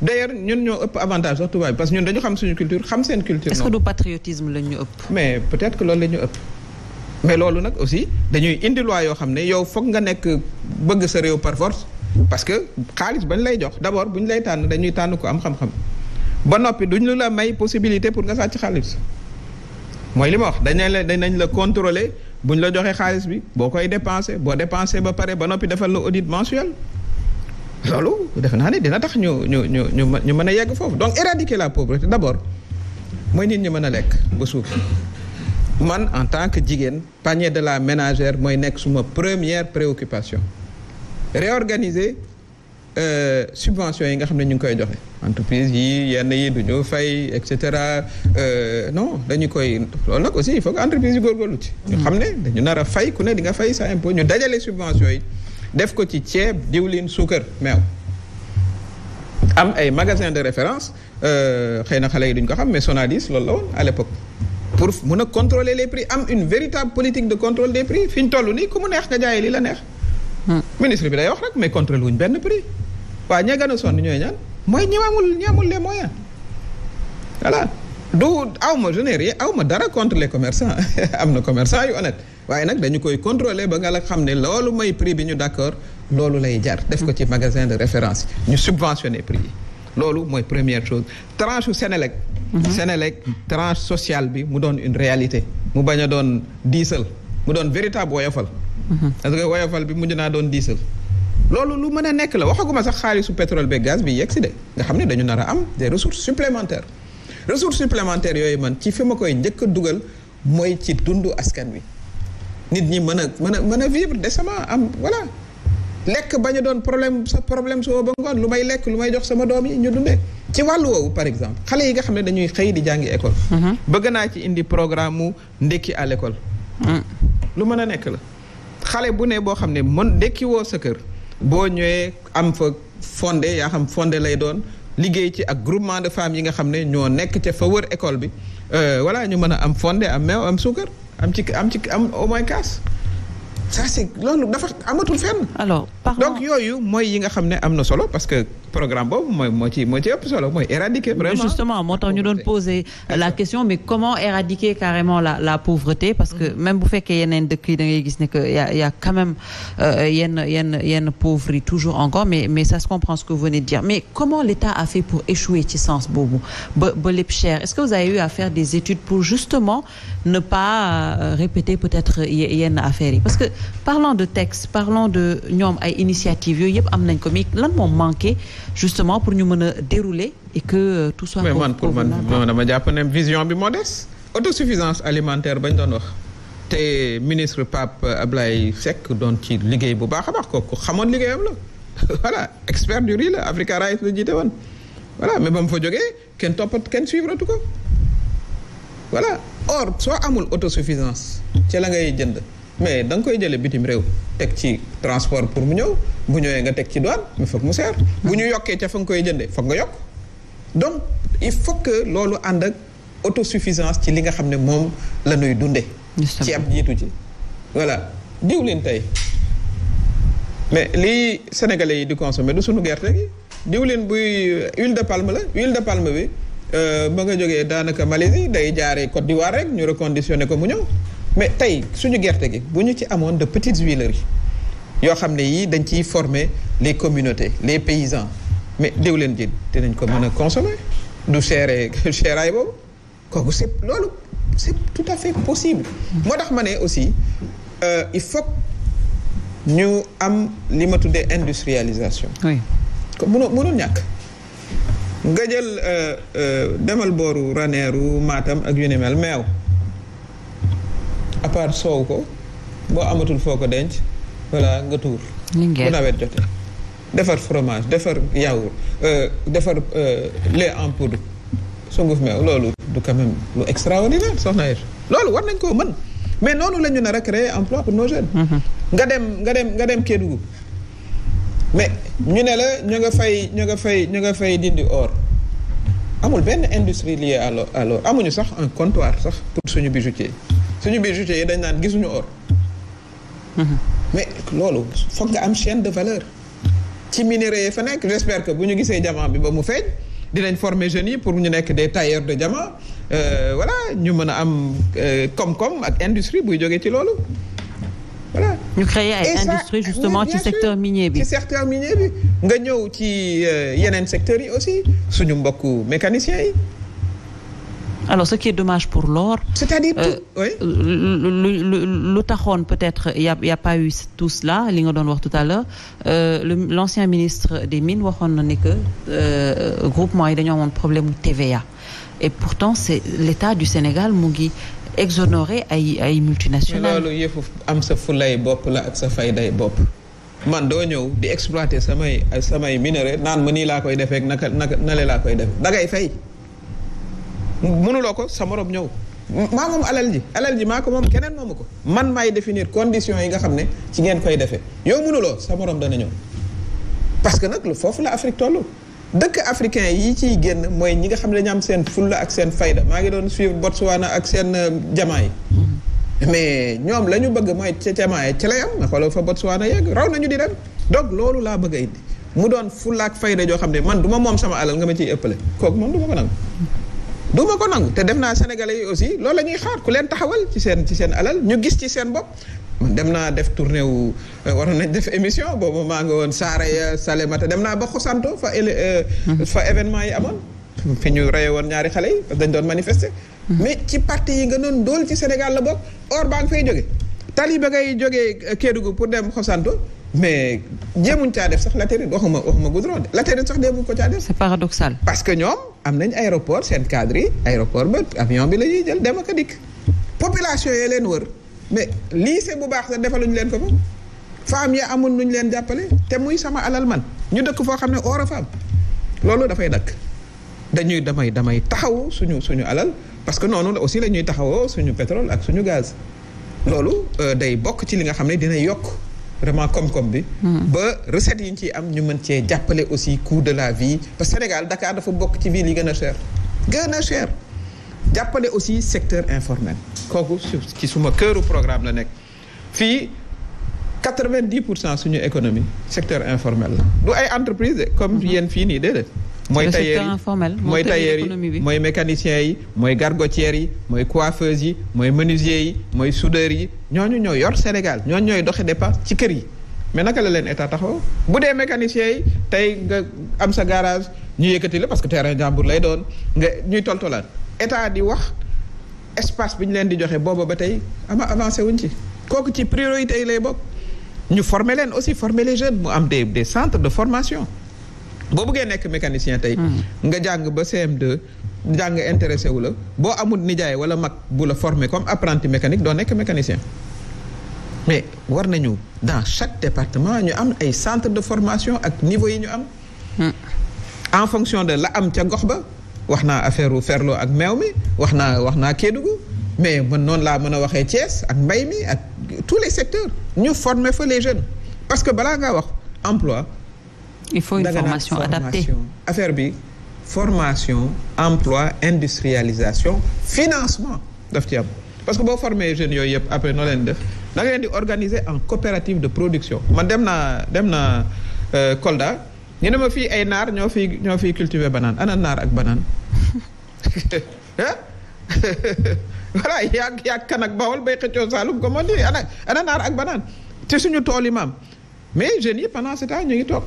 d'ailleurs ñun ñoo ëpp avantage sax tubaab yi parce que ñun dañu xam suñu culture xam seen culture. est-ce du patriotisme lañ ñu ëpp. mais peut-être que loolu la ñu ëpp. mais loolu nag aussi dañuy indi yoo xam ne yow foog nga nekk bëgg sa réew par parce que xaalis bañ lay jox d'abord bu ñu lay tànn dañuy tànn ko am xam-xam ba noppi duñ la may possibilité pour nga sàcc xaalis mooy li ma wax dañ la dañ la contrôler buñ la joxee xaalis bi boo koy dépensé boo dépensé ba pare ba noppi defal la audit mensuel loolu def naa ni dina tax ñu ñu ñu ñu ñu mën a yegg foofu donc éradiquer la pauvreté d'abord mooy nit ñi mën a lekk ba suuf man en tant que jigéen panier de la ménagère mooy nekk suma première préoccupation réorganiser euh, subventions yi nga xam ne ñu ngi koy joxe entreprise yi yenn yi du ñu fay et cetera euh, non dañu koy loolu nag aussi foog faut que entreprise yi góorgóorlu ci. ñu xam ne dañu nar a fay ku ne di nga fay sa impôt ñu dajale subventions yi def ko ci ceeb diwlin suukar meew. am ay magasin de référence euh, xëy na xale yi duñ ko xam mais Sonadis loolu la woon à l'époque pour mun a contrôler les prix am une véritable politique de contrôle des prix fi ñu toll nii ku mu neex nga jaayee li la ministre bi day wax rek mais contrôle wuñ benn prix waaw ña gën a sonn ñooy ñaan mooy ñi amul ñi amul du aw ma yi aw ma dara contre les am na commerçant yu honnête waaye nag dañu koy contrôler ba nga la xam ne loolu may prix bi ñu d'accord loolu lay jar def ko ci magasin de référence ñu subventionner prix yi loolu mooy première chose tranche Sénélec mhm. senelek tranche sociale bi mu doon une réalité mu bañ a doon diisal mu doon véritable woyofal parce que woyofal bi mu mujj naa doon diisal. loolu lu mën a nekk la waxaguma sax xaalisu pétrole beeg gaz bi yegg si de nga xam ne dañu nar am des ressources supplémentaires ressources supplémentaires yooyu man ci fi ma koy njëkk a dugal mooy ci dundu askan wi nit ñi mën a mën a mën a vivre décemment am voilà lekk bañ a doon problème sa problème su ba ngoon lu may lekk lu may jox sama doom yi ñu dundee ci wàll wowu par exemple xale yi nga xam ne dañuy xëy di jàngi école. Mm-hmm. bëgg naa ci indi programme mu ndekki à mm. lu mën a nekk la. xale bu ne boo xam ne mën dekki sa kër boo ñëwee am fa fonde yaa xam fonde lay doon liggéey ci ak groupement de femmes yi nga xam ne ñoo nekk ca fa wër école bi euh, voilà ñu mën a am fonde am meew am suukar am ci am ci am au moins kaas ça c'est loolu dafa amatul fenn. alors donc yooyu mooy yi nga xam ne am na solo parce que programme boobu mooy moo ci moo ci ëpp solo mooy éradiquer vraiment. Mais justement moo tax ñu doon poser la question mais comment éradiquer carrément la la pauvreté parce que mm-hmm. même bu fekkee yeneen dëkk yi da ngay gis ne que y a y a quand même euh, yenn yenn yenn pauvres yi toujours encore mais mais ça se comprend ce que vous venez de dire mais comment l'État a fait pour échouer ci sens boobu ba ba lépp cher est-ce que vous avez eu à faire des études pour justement ne pas euh, répéter peut-être yenn affaires yi parce que. parlant de texte parlant de ñoom ay initiative yooyu yëpp am nañ ko mais lan moom manqué justement pour ñu mën a dérouler et que euh, tout soit. mais man pour man non dama jàpp ne vision bi moo des autosuffisance alimentaire bañ doon wax. te ministre Pape Ablaye sekk doon ci liggéey bu baax a baax kooku xamoon liggéeyam la voilà expert du riz la Africa Rice la jiite woon voilà mais ba joge fa jógee kenn toppat kenn suivratu ko voilà or soo amul autosuffisance ci la ngay jënd. mais da nga koy jëlee bitim réew teg ci transport pour mu ñëw bu ñëwee nga teg ci douane mais foog mu seer bu ñu yokkee ca fa nga koy jëndee foog nga yokk donc il faut que loolu ànd ak autosuffisance ci li nga xam ne moom la dundee ci ab jiitu ci voilà diwlin tey mais li sénégalais yi di consommer du sunu gerte gi diwlin buy huile de palme la huile de palme bi euh, ba nga jógee daanaka Malaisie day jaaree Côte d'Ivoire rek ñu reconditionné ko mu ñëw mais tey suñu gerte gi bu ñu ci amoon de petites huileries yoo xam ne yii dañ ciy former les communauté les paysans mais déw leen ji dinañ ko mën a consommer du chéré chéraay boobu kooku c'est loolu c'est tout à fait possible moo tax ma ne aussi euh, il faut ñu am li ma tuddee industrialisation oui mënoo mënul ñàkk nga jël euh, euh, demal booru Ranérou maatam ak yu ni mel meew à part soow ko boo amatul foo ko denc voilà nga tuur bu nawet jotee defar fromage defar yaourt euh, defar euh, lait en poudre sunguf meew loolu du quand même lu extraordinaire soxna yi loolu war nañ ko mën mais noonu la ñu nar a créer emploi pour nos jeunes mhm. nga dem nga dem nga dem Kédougou mais ñu ne la ñu nga fay ñu nga fay ñu nga fay dindi or amul benn industrie liée à l'or amuñu sax un comptoir sax pour suñu bijoutier ñu biir juge yi dañ naan gisuñu or. mais loolu foog nga am chaîne de valeur. ci minéraux yi fa nekk j' espère que bu ñu gisee diamant bi ba mu feeñ dinañ former jeunes yi pour ñu nekk des tailleurs de diamant wala euh, ñu mën a am euh, koom-koom ak industrie buy jogee ci loolu voilà. ñu créer ay industrie justement ci secteur minier bi. ci secteur minier nga ñëw ci euh, yeneen secteurs yi aussi suñu mbokku mécaniciens yi. alors ce qui est dommage pour l'or cest à peut-être y a y a pas eu tout cela li nga doon wax tout à l'heure euh, l'ancien ministre des mines waxoon na ni que euh, groupement yi dañoo amoon problème TVA et pourtant c'est l'État du Sénégal mu ngi exonéré ay ay multinationales loolu yëfu am sa fulay bopp la ak sa fayday bopp man doo ñëw di exploiter samay samay minerais naan ma nii laa koy defee naka naka laa koy def dangay fay mënuloo ko sa moroom ñëw maa moom alal ji alal ji maa ko moom keneen moomu ko man maay définir conditions yi nga xam ne ci ngeen koy defee yow mënuloo sa morom dana ñëw parce que nag lu foofu la Afrique toll dëkk africain yi ciy génn mooy ñi nga xam ne dañu am seen fulla ak seen fayda maa ngi doon suivre Botswana ak seen euh, jamaa yi mais ñoom la ñu bëgg mooy ca jamaa yi ca lay am nga xoolal fa Botswana yegg raw ñu di rek donc loolu laa bëgg indi mu doon fulla ak fayda joo xam ne man du ma moom sama alal nga ma ciy ëppale kooku moom du ma ko nangu du ma ko nangu te def naa sénégalais yi aussi loolu lañuy xaar ku leen taxawal ci seen ci seen alal ñu gis ci seen bopp man dem naa def tournée wu euh, waroon nañ def émission boobu maa nga woon Saaraya Salemata dem naa ba Xosanto fa euh, hmm. fa événement yi amoon fi ñu reye woon ñaari xale yi parce dañ doon manifester hmm. mais ci parti yi nga doon dool ci Sénégal la bokk or baa nga fay jóge tali ba ngay jógee euh, Kédougou pour dem Xosanto mais jéemuñ caa def sax latérite waxuma waxuma goudron de latérite sax déemuñ ko caa def. c'est paradoxal. parce que ñoom am nañ aéroport seen cadre yi aéroport ba avion bi la ñuy jël dem ak dikk population yee leen wër mais lii lycée bu baax sax defaluñ leen ko fa femme ya amul nuñ leen jàppale te muy sama alal man ñu dëkk foo xam ne or a loolu dafay dakk dañuy damay damay taxawu suñu suñu alal parce que noonu aussi lañuy taxawoo suñu pétrole ak suñu gaz loolu euh, day bokk ci li nga xam ne dina yokk. vraiment koom bi. Hmm. ba recette yi ñu ciy am ñu mën cee jàppale aussi coût de la vie parce Sénégal Dakar dafa bokk ci ville yi gën a cher. gën a cher jàppale aussi secteur informel kooku ci suma këru programme la nekk fii. 90 pour cent suñu économie secteur informel la du ay entreprise de comme hmm. yéen fii nii de mooy tailleur yi informel mooy tailleur yi mooy mécanicien yi mooy gargotière yi mooy coiffeuse yi mooy menuisier yi mooy soudeur yi ñooñu ñoo yor Sénégal ñooñu ñooy doxe de dépense ci kër yi mais naka la leen état taxaw bu dee mécanicien yi tey am sa garage ñu yëkkati la parce que terrain jàmbur lay doon nga ñuy toltolaan état di wax espace bi ñu leen di joxe booba ba tey ama avancé wuñ ci kooku ci priorité yi lay bokk ñu former leen aussi former les jeunes mu am des centre de formation boo bëggee nekk mécanicien tey. nga jàng ba CM2 jàng intéressé wu la boo amul nijaay wala mag bu la formé comme apprenti mécanique doo nekk mécanicien. mais war na nañu dans chaque département ñu am ay centre de formation ak niveau yi ñu am. Hmm. en fonction de la am ca gox ba wax naa affaire wu ferlo ak meew mi wax naa wax naa Kédougou mais man noonu laa mën a waxee Thiès ak mbay mi ak tous les secteurs ñu former fa les jeunes parce que balaa nga wax emploi il faut une formation adaptée affaire bi formation emploi industrialisation financement daf ci am parce que boo formé jeunes yooyu yëpp après noo leen def da nga di organiser en coopérative de production ma dem naa dem na euh, Kolda ñu ne ma fii ay naar ñoo fi ñoo fii cultiver banaan ana naar ak banaan voilà yaag yaag kan ak bawol bay xëccoo Saalum comme ana naar ak banaan te suñu tool yi maam mais jeunes yi pendant ce ngi toog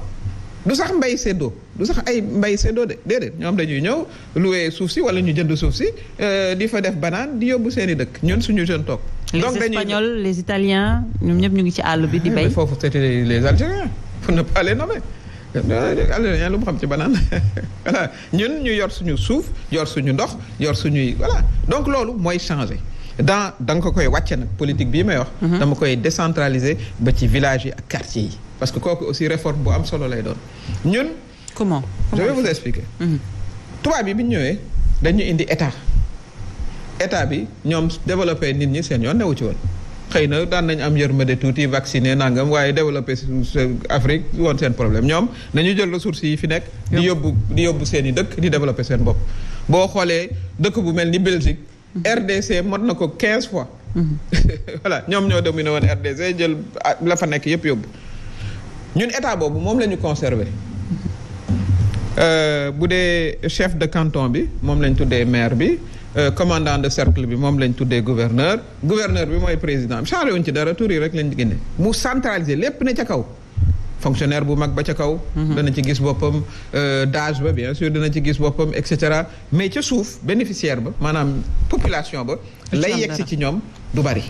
du sax mbay séddoo du sax ay mbay séddoo de ñoom dañuy ñëw loué suuf si wala ñu jënd suuf si euh, di fa def banaan di yóbbu seen i dëkk ñun suñu jeune toog. donc dañuy les espagnols les italiens ñoom ñëpp ñu ngi ci àll bi di ah, bay. foofu c'était les algériens pour ne pas les euh, lu mu xam ci banaan ñun ñu yor suñu suuf yor suñu ndox yor suñuy voilà donc loolu mooy changer. dans da nga koy wàcce nag politique bii may wax. Mhm. dama koy décentraliser ba ci village yi ak quartier yi. parce que kooku aussi réforme bu am solo lay doon ñun. comment je vais vous expliquer. Mm-hmm. tubaab yi bi ñu ñëwee dañu indi état état bi ñoom développé nit ñi seen yoon newu ci woon. xëy na daan nañ am de tuuti vacciné nangam waaye développé Afrique woon seen problème ñoom nañu jël ressources yi fi nekk. di yóbbu di yóbbu seen i dëkk di développé seen bopp. boo xoolee dëkk bu mel ni Belgique. Mm-hmm. RDC mot na ko quinze fois. Mm-hmm. voilà ñoom ñoo ne woon RDC jël ah, la fa nekk yëpp yóbbu. ñun état boobu moom la ñu conservé euh, bu dee chef de canton bi moom lañ tuddee maire bi euh, commandant de cercle bi moom lañ tuddee gouverneur gouverneur bi mooy président changé wuñ ci dara touri rek lañ génne mu centraliser lépp ne ca kaw fonctionnaire bu mag ba ca kaw mm-hmm. dana ci gis boppam euh, d'âge ba bien sûr dana ci gis boppam et cetera mais ca suuf bénéficiaire ba maanaam population ba lay yegsi ci ñoom du bari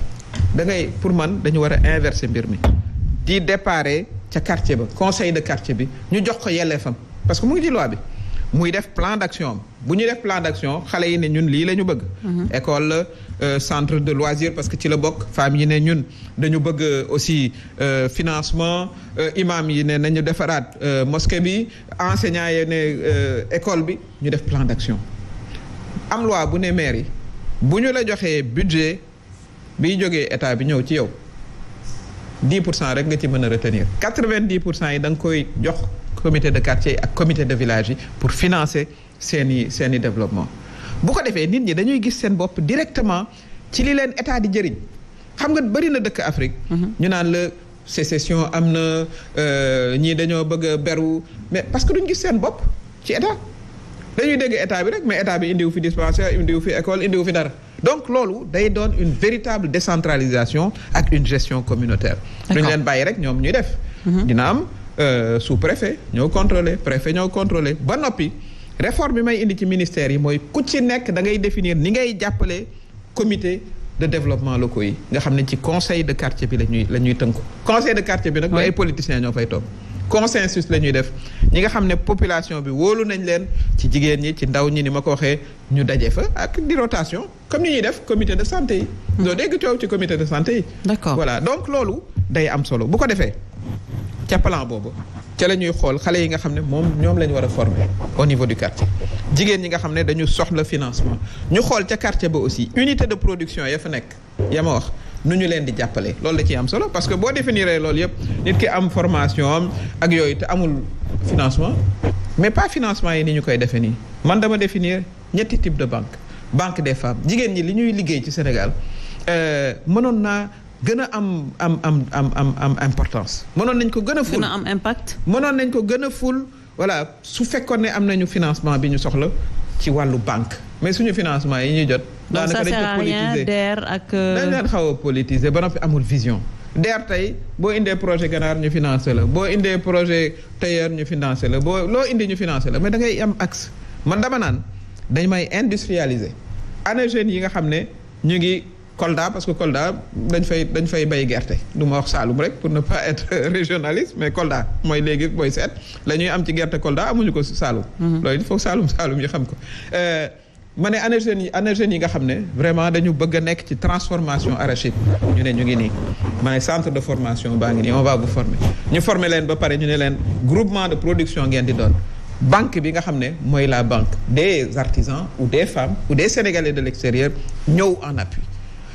da ngay pour man dañu war a inverser mbir mi di déparé ca quartier ba conseil de quartier bi ñu jox ko yelleefam parce que mu ngi ci loi bi muy def plan d'action bu ñu def plan d'action xale yi ne ñun lii la ñu bëgg. Mm-hmm. école euh, centre de loisir parce que ci la bokk femmes yi ne ñun dañu bëgg euh, aussi euh, financement imam yi ne nañu defaraat mosquée bi enseignants yi ne école bi ñu def plan d'action am loi bu ne maire yi bu ñu la joxee budget biy jógee état bi ñëw ci yow. dix pour cent rek nga ci mën a retenir quatre vingt dix pour cent yi da koy jox comité de quartier ak comité de village yi pour financer seen i seen développement bu ko defee nit ñi dañuy gis seen bopp directement ci li leen état di jëriñ xam nga bëri na dëkk Afrique mhm. ñu naan la sécession am na euh, ñii dañoo bëgg a beru mais parce que duñ gis seen bopp ci état dañuy dégg état bi rek mais état bi indiwu fi dispensaire indiwu fi école indiwu fi dara donc loolu day doon une véritable décentralisation ak une gestion communautaire duñu leen bàyyi rek ñoom ñuy def mhm. dina am euh, sous-préfet ñoo contrôler préfet ñoo contrôler ba noppi réforme bi may indi ci ministère yi mooy ku ci nekk da ngay définir ni ngay jàppale comité de développement locaux yi nga xam ne ci conseil de quartier bi la ñuy la ñuy tënku conseil de quartier bi nag. ay politiciens ñoo fay toog. consensus la ñuy def ñi nga xam ne population bi wóolu nañ leen ci jigéen ñi ci ndaw ñi ni ma ko waxee ñu daje fa ak di rotation comme ni ñuy def comité de santé yi. Hmm. doo dégg coow ci comité de santé yi. d'accord voilà donc loolu day am solo bu ko defee ca plan boobu. ca la ñuy xool xale yi nga xam ne moom ñoom la ñu war a former au niveau du quartier jigéen ñi nga xam ne dañu soxla financement ñu xool ca quartier ba aussi unité de production ya fa nekk ya ma wax nu ñu leen di jàppale loolu la ci am solo parce que boo définir loolu yëpp nit ki am formation ak yooyu te amul financement mais pas financement yi ni ñu koy defee nii man dama définir ñetti type de banque banque des femmes jigéen ñi li ñuy liggéey ci Sénégal euh, mënoon naa gën a am am am am am importance mënoon nañ ko gën a ful gën am impact mënoon nañ ko gën a ful voilà su fekkoon ne am nañu financement bi ñu soxla ci wàllu banque mais suñu financement yi ñuy jot donc ça sert à ak. Euh, xaw a ba noppi amul vision. DER tey boo indee projet ganaar ñu financé la boo indee projet tailleur ñu financé la boo loo indi ñu financé la mais da ngay am axe man dama naan dañ may industrialiser ana jeunes yi nga xam ne ñu ngi Kolda parce que Kolda dañ fay dañ fay bay gerte du ma wax Saalum rek pour ne pas être régionaliste mais Kolda mooy léegi booy seet la ñuy am ci gerte Kolda amuñu ko Saalum. Mhm. loolu il faut Saalum Saalum yi xam ko. Euh, ma ne année jeunes yi année yi nga xam ne vraiment dañu bëgg a nekk ci transformation arachide ñu ne ñu ngi nii ma centre de formation baa ngi nii on va vous former ñu former leen ba pare ñu ne leen groupement de production ngeen di doon banque bi nga xam ne mooy la banque des artisans ou des femmes ou dee sénégalais de l'extérieur ñëw en appui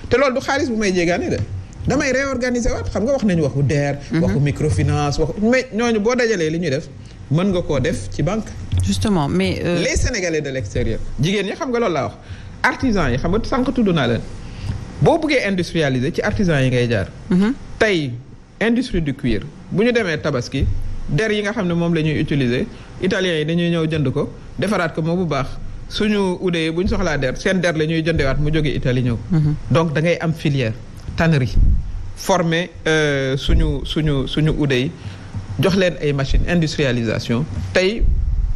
te loolu du xaalis bu may jéegaane de damay réorganiser waat xam nga wax nañu waxu DER. Mhm. waxu microfinance waxu mais ñooñu boo dajalee li ñuy def. mën nga koo def ci banque. justement mais. Euh... les sénégalais de l' extérieur. jigéen ñi xam nga loolu laa wax artisans yi xam nga sànq tuddu naa leen boo buggee industrialiser ci artisans yi ngay jaar. Mhm. tey industrie du cuir bu ñu demee tabaski der yi nga xam ne moom la ñuy utiliser italiens yi dañuy ñëw jënd ko defaraat ko moom bu baax. suñu udee bu ñu soxlaa der seen der la ñuy jëndewaat mu jóge Italie ñëw. Mhm. donc da ngay am filière tannerie forme euh, suñu suñu suñu udee yi jox leen ay machine industrialisation tey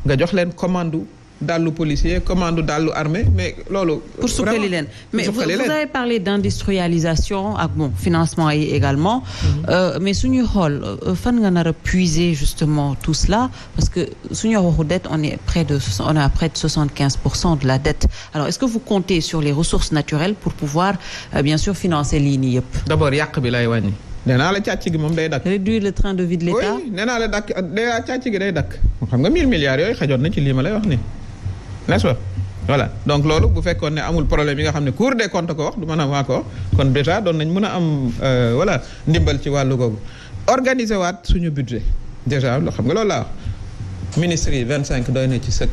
nga jox leen commande dàllu policier commande dàllu armée mais loolu. pour suqali leen mais vous, vous avez parlé d'industrialisation ak bon financement yi également. Mm -hmm. euh, mais suñuy xool euh, fan nga nar a puiser justement tout cela parce que suñu waxu dette on est près de on est de pour cent de la dette alors est-ce que vous comptez sur les ressources naturelles pour pouvoir euh, bien sûr financer lii nii yëpp. d'abord yàq bi lay wàññi. nee la càcc gi moom day dakk réduire le nee naa la dakk dèjà càcc gi day dakk xam nga mille milliards yooyu xajoon na ci lii ma lay wax ni n'est-ce pas voilà donc loolu bu fekkoon ne amul problème yi nga xam ne Cour des comptes ko wax du mën a maa ko wax kon déjà doon nañ mën a am euh, voilà ndimbal ci wàllu googu organiser waat suñu budget déjà loo xam nga loolu laa wax ministres yi vingt cinq doy na ci sëkk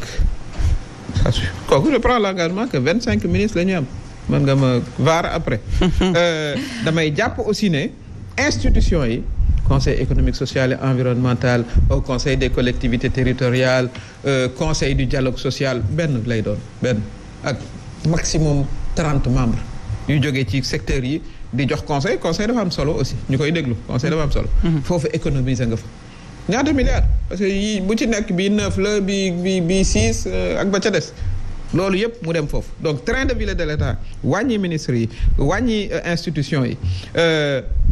kooku je prends l'engagement que vingt cinq ministres la ñu am mën nga ma vaar euh, damay jàpp aussi ne institution yi conseil économique social et environnemental au conseil des collectivités territoriales euh, conseil du dialogue social benn lay doon benn ak maximum trente membre yu jóge ci secteurs yi di jox conseil conseil dafa solo aussi ñu koy déglu conseil dafa solo mm-hmm. foofu économiser nga fa ñaata milliards parce que yii bu ci nekk bii neuf la bi bi bii six euh, ak ba ca des loolu yëpp mu dem foofu donc train de vie de l'État wàññi ministre yi wàññi euh, institution yi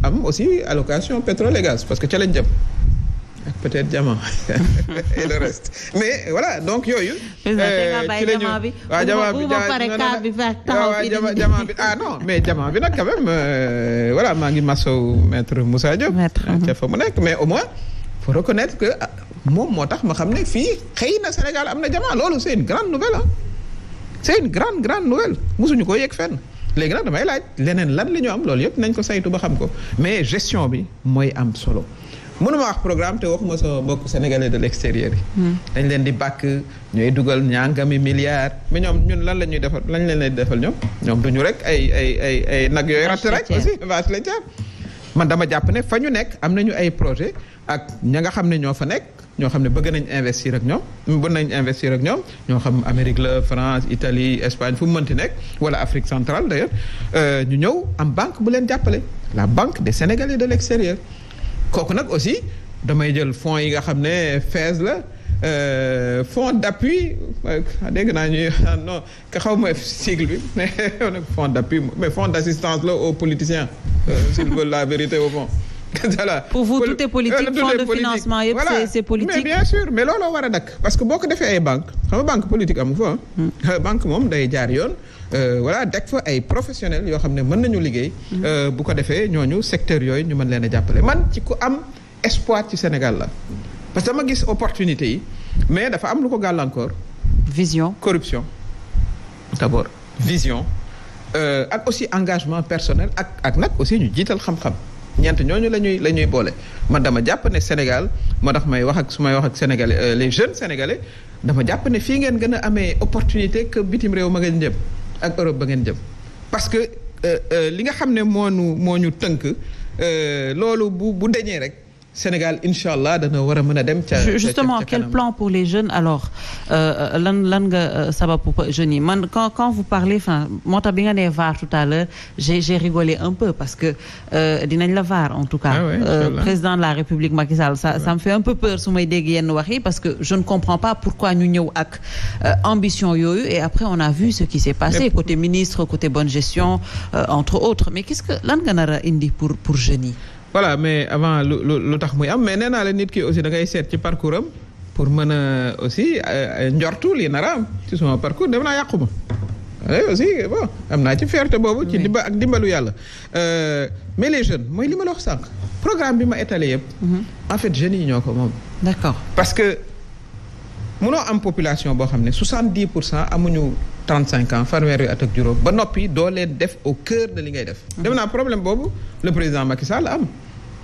am aussi allocation pétrole et parce que ca lañ jëm ak peut-être diamant et le reste mais voilà donc yooyu. Euh, ci la ñu waaw diamant bi diamant bi ah non mais diamant bi nag quand même euh, voilà maa ngi masawu maître Moussa Diop. Mhm. ca fa mais au moins faut reconnaître que ah, moom moo tax ma xam ne fii xëy na Sénégal am na diamant loolu c'est une grande nouvelle ah c'est une grande grande nouvelle mosuñu ko yegg fenn. léegi nag damay laaj leneen lan li ñu am loolu yëpp nañ ko saytu ba xam ko mais gestion bi mooy am solo mënuma wax programme te waxuma sama mbokk sénégalais de l'extérieur yi hmm. dañ leen di bàkk ñooy dugal ñaangami milliard mais ñoom ñun lan la ñuy defal lañ leen leen defal ñoom ñoom ñu rek ay nag yooyu ratt rek aussi vache lañ man dama jàpp ne fa ñu nekk am nañu ay projet ak ña nga xam ne ñoo fa nekk ñoo xam ne bëgg nañ investir ak ñoom bëgg nañ investir ak ñoom ñoo xam Amérique la France Italie Espagne fu mu mënti nekk wala Afrique centrale d'ailleurs euh, ñu ñëw am banque bu leen jàppale la banque des Sénégalais de l'extérieur kooku nag aussi damay jël fonds yi nga xam ne FAISE la Euh, fonds d'appui euh, dégg naa ñuy non ka xaw ma sigle bi mais fonds d'appui mais fonds d'assistance là aux politiciens euh, s'ils veulent la vérité au fond voilà pour vous tout est politique euh, fonds de financement yëpp c'est politique. mais bien sûr mais looloo war dakk parce que boo ko defee ay banque xam nga banque politique amu fa hmm. ah. banque moom day jaar yoon euh, voilà teg fa ay professionnels yoo xam ne mën nañu liggéey hmm. euh, bu ko defee ñooñu secteur yooyu ñu mën leen a jàppale man ci ku am espoir ci Sénégal la parce que dama gis opportunité yi mais dafa am lu ko gàllankoor vision corruption d'abord vision ak aussi engagement personnel ak ak nag aussi ñu jiital xam ñeent ñooñu la ñuy la ñuy boole man dama jàpp ne Sénégal moo tax may wax ak su may wax ak sénégalais euh, les jeunes sénégalais dama jàpp ne fii ngeen gën a amee opportunité que bitim réew ma ngeen jëm ak Europe ba ngeen jëm parce que euh, euh, li nga xam ne moo nu moo ñu tënk loolu bu bu deñee rek. Sénégal incha allah dana war a mën a dem ca. justement quel plan pour les jeunes alors euh, euh, lan lan nga euh, sabab pour jeunes yi man quand quand vous parlez enfin moo tax bi nga nee vaar tout à l'heure j'ai j'ai rigolé un peu parce que dinañ la vaar en tout cas. Ah président de la République Macky Sall ça ça me fait un peu peur su may dégg yenn wax yi parce que je ne comprends pas pourquoi ñu ñëw ak ambition yooyu et après on a vu ce qui s'est passé côté ministre côté bonne gestion entre autres mais qu'est-ce que lan nga nar a indi pour pour jeunes yi. voilà mais avant lu lu tax muy am mais nee naa la nit ki aussi da ngay seet ci parcours pour mën a aussi euh, njortu lii nara am ci suma parcours dem na yàqu ma eh, aussi am naa ci fierté boobu. ci dimba ak dimbalu yàlla. Euh, mais les jeunes mooy li ma la wax programme bi ma étalé yëpp. Mhm. en fait jeunes yi ñoo ko moom. d'accord parce que munoo am population boo xam ne soixante-dix pour cent amuñu trente cinq ans fanweeri at ak juróom ba noppi doo def au cœur de li ngay def. Mhm. dem naa problème boobu le président Sall am.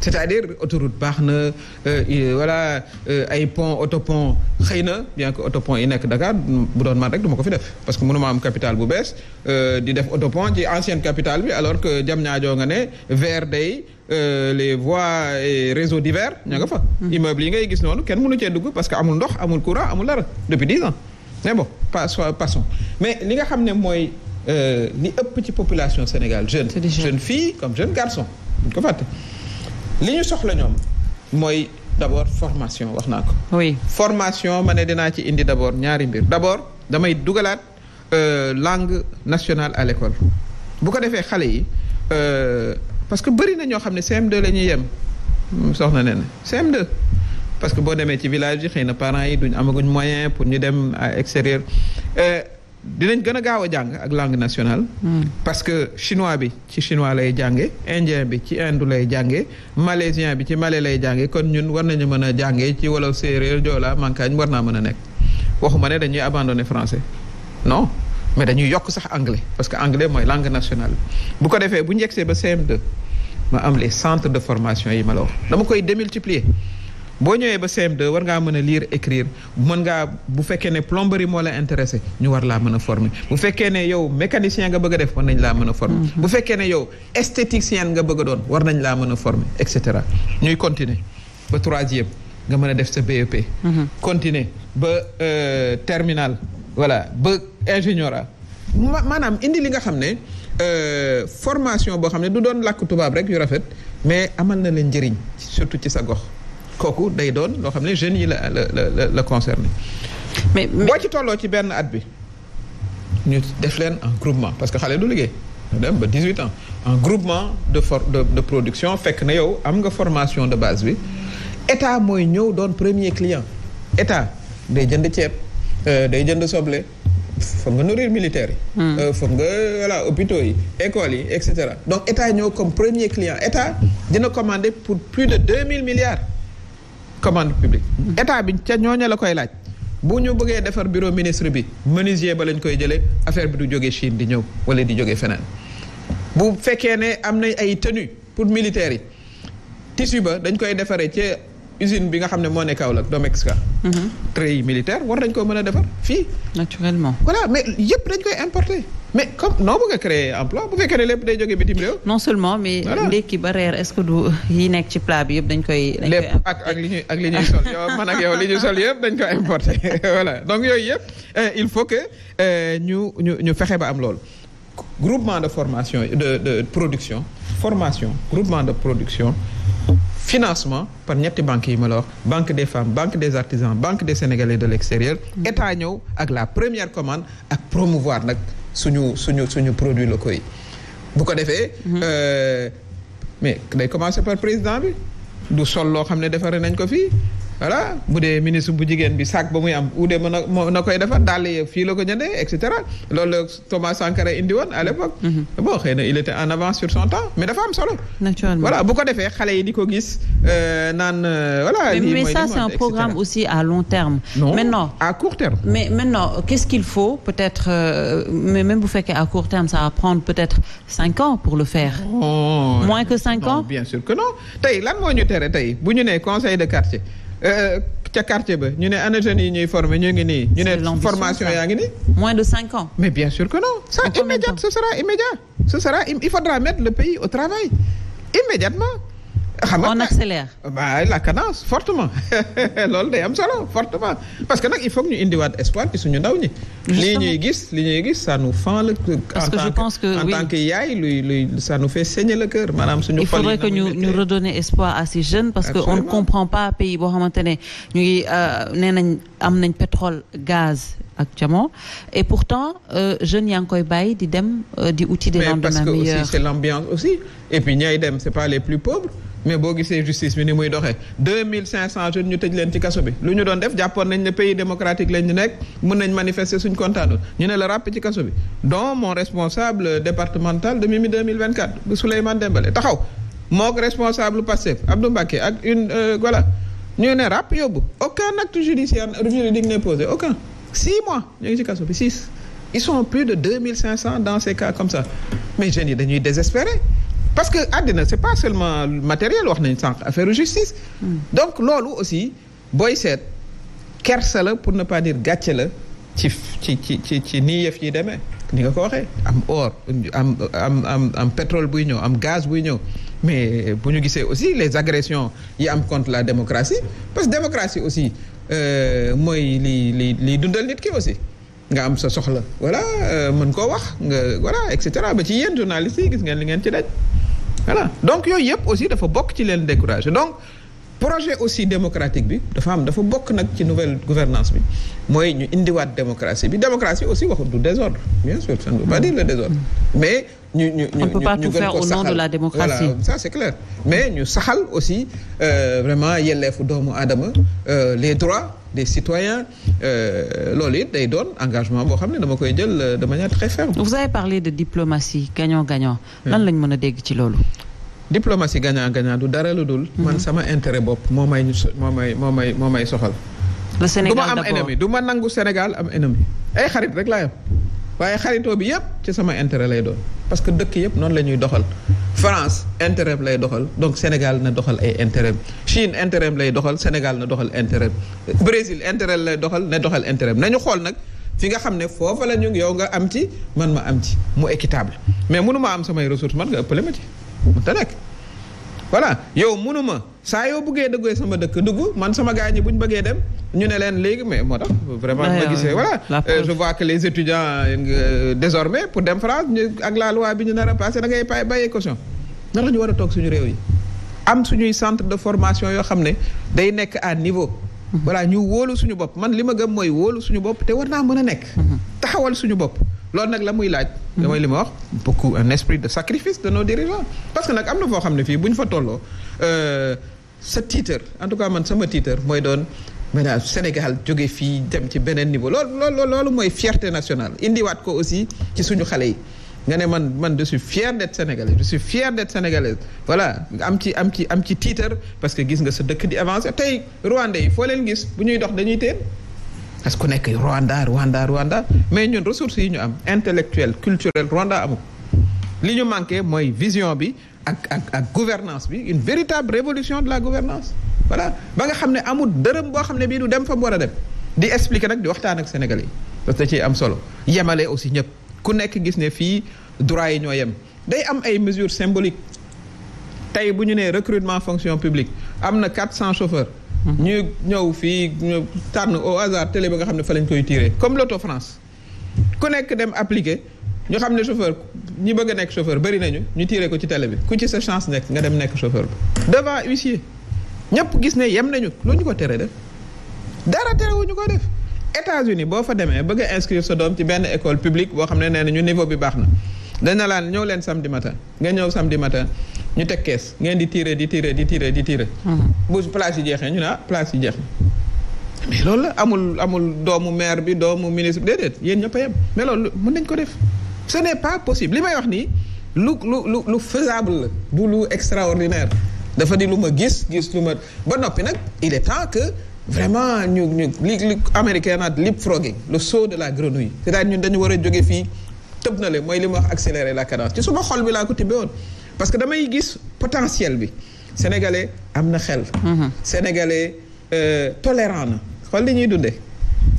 c'est-à-dire autoroute baax na euh, voilà euh, ay pont autopont xëy na bien que autopont yi nekk Dakar bu doon man rek du ma ko fi def parce que mënuma am capital bu bees euh, di def autopont ci ancienne capitale bi alors que Diamniadio nga ne VRD yi les voies et réseaux divers ña nga fa mm-hmm. immeuble yi ngay gis noonu kenn mënu cee dugg parce que amul ndox amul courant amul dara depuis dix ans mais bon passons mais li nga xam ne mooy li ëpp ci population Sénégal jeune jeune fille comme jeune garçon duñ ko li ñu soxla ñoom mooy d'abord formation wax naa ko. mooy formation ma ne dinaa ci indi d'abord ñaari mbir d'abord damay dugalaat euh, langue nationale à l'école bu ko defee xale yi euh, parce que bëri na ñoo xam ne CM2 la yem soxna ne na cm parce que boo demee ci village yi xëy na parents yi duñ amaguñ moyen pour ñu dem à extérieur. Euh, dinañ gën a gaaw a jàng ak langue nationale. Hmm. parce que chinois bi ci chinois lay jànge indien bi ci indu lay jànge malaisien bi ci malais lay jànge kon ñun war nañu mën a jànge ci wolof séeréer joola mankaañ war naa mën a nekk waxuma ne dañuy abandonné français non mais dañuy yokk sax anglais parce que anglais mooy langue nationale bu ko defee bu ñu see ba CM2 ma am les centre de formation yi ma la dama koy démultiplier boo ñëwee ba CM2 war ngaa mën a lire écrire mën ngaa bu fekkee ne plomberie moo la intéressé ñu war laa mën a former bu fekkee ne yow mécanicien nga bëgg a def war nañ laa mën a former mm-hmm. bu fekkee ne yow esthéticien nga bëgg doon war nañ laa mën a former et cetera ñuy continuer ba troisième nga mën a def sa BEP mm-hmm. continuer ba euh, terminal voilà ba ingénieur a maanaam indi li nga xam ne euh, formation boo xam ne du doon làkk tubaab rek yu rafet mais amal na leen njëriñ surtout ci sa gox kooku day doon loo xam ne jeunes yi la la la concerné. mais boo ci tolloo ci benn at bi ñu def leen en groupement parce que xale du liggéey. dem ba 18 ans en groupement de for de, de production fekk na yow am nga formation de base bi état mooy ñëw doon premier client état day jënd ceeb euh, day jënd soble foog nga nourrir militaire yi hmm. euh, foog nga voilà hôpitaux yi écoles yi et cetera donc état ñëw comme premier client état dina commander pour plus de deux mille milliards commande publique. état bi ca ñooña la koy laaj. bu ñu bëggee defar bureau ministre bi menuisier ba lañ koy jële affaire bi du jógee Chine di ñëw wala di jógee feneen bu fekkee ne am na ay tenue pour militaires yi tissu ba dañ koy defaree ca usine bi nga xam ne moo ne Kaolack Domexca. Mhm. treillis militaire war nañ koo mën a defar fii. naturellement. voilà mais yëpp dañ koy importé mais no noo bëgg a créer emploi bu fekkee ne lépp day jógee bitim réew. non seulement mais. ndekki ba reer est-ce que du yi nekk ci plat bi yëpp dañ koy. ak li ñuy ak sol yow man ak sol yëpp dañ koy importer voilà donc yooyu yëpp euh, il faut que euh, ñu ñu ñu fexe ba am lool groupement de formation de de production formation groupement de production financement par ñetti banque yi ma banque des femmes banque des artisans banque des sénégalais de l'extérieur mm-hmm. état ñëw ak la première commande ak promouvoir nag suñu suñu suñu produits la yi bu ko defee mm-hmm. euh, mais day commencer par président bi du sol loo xam ne defaree nañ ko fi voilà bu dee ministre bu jigéen bi sac ba muy am uude ma na moo na koy defar dàll yeeg fii la ko jëndee et cetera loolu la Thomas Sankara indi woon à l'époque mm-hmm. bon xëy na il était en avance sur son temps mais dafa am solo naturellement voilà bu ko defee xale yi di ko gis euh, naan euh, voilà mais ça c'est un programme aussi à long terme non maintenant à court terme mais maintenant qu'est-ce qu'il faut peut-être euh, mais même bu fekkee à court terme ça va prendre peut-être cinq ans pour le faire oh, moins que cinq ans bien sûr que non tey lan moo ñu tere tey bu ñu nee conseil de quartier Euh, ca quartier ba ñu ne ana jeunes yi ñuy former ñu ngi nii. ñu ne formation yaa ngi nii. moins de cinq ans. mais bien sûr que non. ça immédiat ce sera immédiat ce sera il faudra mettre le pays au travail immédiatement. xam nga on accélère. bah la cadence fortement loolu day am solo fortement parce que nag il faut que ñu indiwaat espoir ci suñu ndaw ñi. gis li ñuy gis ça nous fend le cœur. parce que je pense que en tant que yaay nous fait saigner le cœur maanaam suñu. il que ñu ñu redonner espoir à ces jeunes. parce que on ne comprend pas pays boo xamante ne ñu ngi euh, nee nañ am nañ pétrole gaz. ak jamono et pourtant euh, jeune yaa ngi koy bàyyi di dem euh, di outil des lendemains meilleurs mais parce que aussi c'est et puis ñay dem c'est pas les plus pauvres mais boo gisee justice bi ni muy doxee deux mille cinq ñu tëj leen ci kaso bi lu ñu doon def jàppoon nañ ne pays démocratique lañ nekk mën nañ manifester suñ kontaanul ñu ne la ràpp ci kaso bi donc mon responsable départemental de Mimi 2024 bu Souleymane Dembélé taxaw mook responsable Pastef Abdou Mbacké ak une euh, voilà ñu ne ràpp yóbbu aucun acte judiciaire juridique n'est posé aucun six mois ñu ngi ci kaso bi six ils sont plus de dans ces cas comme ça mais jeunes yi dañuy désespérés parce que àddina c'est pas seulement matériel wax nañ sànq affaire justice hmm. donc loolu aussi booy seet kersa la pour ne pas dire gàcce la ci ci ci ci ci nii yëf yi demee ni nga ko waxee am or am am am am pétrole buy ñëw am gaz buy ñëw mais bu ñu gisee aussi les agressions yi am contre la démocratie parce que démocratie aussi euh, mooy li li li dundal nit ki aussi nga am sa soxla voilà euh, mën koo wax nga voilà et cetera ba ci yéen journalistes yi gis ngeen li ngeen ci daj voilà donc yooyu yëpp aussi dafa bokk ci leen découragé donc projet aussi démocratique bi dafa am dafa bokk nag ci nouvelle gouvernance bi mooy ñu indiwaat démocratie bi démocratie aussi waxul du désordre bien sûr ça ne veut pas dire le désordre mm. mais ñu ñu ñu ñu ko saxal on peut de la démocratie voilà ça mais ñu saxal aussi euh, vraiment yelleefu doomu aadama euh, les droits des citoyens euh, loolu it day doon engagement boo xam ne dama koy jël dama manière très ferme. vous avez parlé de diplomatie gagnant gagnant. lan hmm. lañ mën a dégg ci loolu. diplomatie gagnant gagnant du dara lu dul. man hmm. sama intérêt bopp moo may moo may moo may moo may soxal. le Sénégal d'abord du ma am ennemi du ma nangu Sénégal am ennemi ay xarit rek laa yam waaye xaritoo bi yëpp ci sama intérêt lay doon parce que dëkk yëpp noonu la ñuy doxal France intérêt lay doxal donc Sénégal na doxal ay intérêt Chine intérêt lay doxal Sénégal na doxal intérêt Brésil intérêt lay doxal na doxal intérêt nañu xool nag fi nga xam ne foofa la ñu yow nga am ci man ma am ci mu équitable mais mënu ma am samay ressources man nga ëppale ma ci mu te nekk voilà yow mënuma saa yoo buggee dëggee sama dëkk dugg man sama gars ñi bu ñu bëggee dem ñu ne leen léegi mais moo tax vraiment ma gisee voilà euh, je vois que les étudiants euh, désormais pour dem France ñu ak la loi bi ñu nar a passé da ngay pay bàyyee caution na tax ñu war toog suñu réew yi am suñuy centre de formation yoo xam ne day nekk à niveau mhm. voilà ñu wóolu suñu bopp man li ma gëm mooy wóolu suñu bopp te war naa mën a nekk mhm. taxawal suñu bopp loolu nag la muy laaj. Mhm. damay li ma wax beaucoup un esprit de sacrifice de nos dirigeants. parce que nag am na foo xam ne fii bu ñu fa tolloo euh, sa titre en tout cas man sama titre mooy doon maintenant Sénégal jóge fii dem ci beneen niveau loolu mooy fierté nationale indiwaat ko aussi ci suñu xale yi. nga ne man man je suis fier d'être sénégalais je suis wala d'être am ci am ci am ci titre parce que gis nga sa dëkk di avancer tey Rwanda yi foo leen gis bu ñuy dox dañuy teen parce que ku nekk Rwanda Rwanda Rwanda mais ñun ressources yi ñu am intellectuelle culturelle Rwanda amul li ñu manqué mooy vision bi ak ak ak gouvernance bi une véritable révolution de la gouvernance voilà ba nga xam ne amul dërëm boo xam ne bii du dem fa mu war a dem di expliquer nag di waxtaan ak Sénégalais yi parce que ciy am solo yemale aussi ñëpp ku nekk gis ne fii droit yi ñoo yem day am ay mesures symboliques tey bu ñu nee recrutement fonction publique am na 400 chauffeurs. Mhm. ñu ñëw fii tànn au hasard télé bi nga xam ne fa lañ koy tiire comme l'auto France ku nekk dem appliqué ñu xam ne chauffeur ñi bëgg a nekk chauffeur bari nañu ñu tiire ko ci télé bi ku ci sa chance nekk nga dem nekk chauffeur bi devant huissier ñëpp gis ne yem nañu lu ñu ko tere def dara terewuñu ko def États-Unis boo fa demee bëgg a inscrire sa doom ci benn école publique boo xam ne nee ñu niveau bi baax na dañ na laan ñëw leen samedi matin nga ñëw samedi matin ñu teg kees ngeen di tirer di tirer di tirer di tirer. Mm-hmm. bu place yi jeexee ñu ne ah place yi jeex na mais loolu la amul amul doomu maire bi doomu ministre bi déedéet yéen ñëpp a yem mais nañ ko def ce n'est pas possible li may wax nii lu lu lu lu faisable la du lu extraordinaire dafa di lu ma gis gis lu ma ba noppi nag il est temps que vraiment ñu ñu li li américain naat leapfrogging le saut de la grenouille c'est-à-dire ñun dañu war a jóge fii tëb na le mooy li ma wax accélérer la cadence suma xol bi laa ko tibbee woon parce que damay gis potentiel bi sénégalais am na xel. Mhm. sénégalais euh, tolérant na xool li ñuy dundee.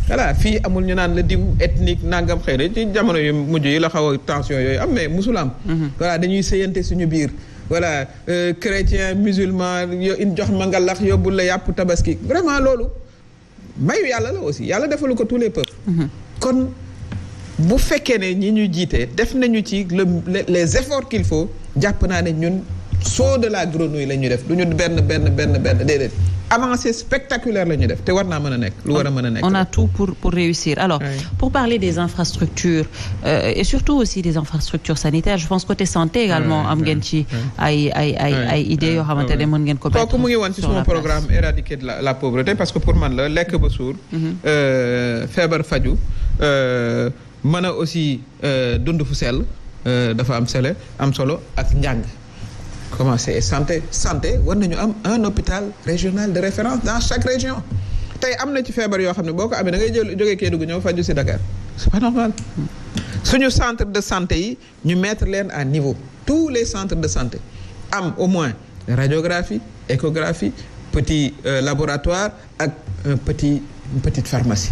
voilà fii amul ñu naan la diw ethnique nangam xëy na ci jamono yu mujj yi la xaw a tension yooyu am na musul am. Mhm. dañuy sëyante suñu biir. voilà euh, chrétien musulman yo jox ma ngalax yóbbul la yàpp tabaski vraiment loolu mayu yàlla la aussi yàlla defalu ko tous les peuples. Mhm. bu fekkee ne ñi ñu jiite def nañu ci le les efforts qu'il faut jàpp naa ne ñun saut de la grenouille la ñu def lu ñu benn benn benn benn déedéet avancée spectaculaire la ñu def te war naa mën a nekk lu war a mën a nekk on a tout pour pour réussir alors oui. pour parler des infrastructures euh, et surtout aussi des infrastructures sanitaires je pense côté santé également am ngeen ci ay ay ay ay yoo xamante ne mën ngeen ko kooku mu ngi woon ci suma programme éradiquer de la pauvreté parce que pour man la lekk ba suur mhm. euh, feebar faju euh, mën a aussi euh, dund fu sell euh, dafa am sele am solo ak njàng commencé santé santé war nañu am un hôpital régional de référence dans chaque région tey am na ci feebar yoo xam ne boo ko amee da ngay jël jógee Kédougou ñëw faju si Dakar c'est pas normal suñu centre de santé yi ñu mettre leen à niveau tous les centres de santé am au moins radiographie échographie petit euh, laboratoire ak un petit une pharmacie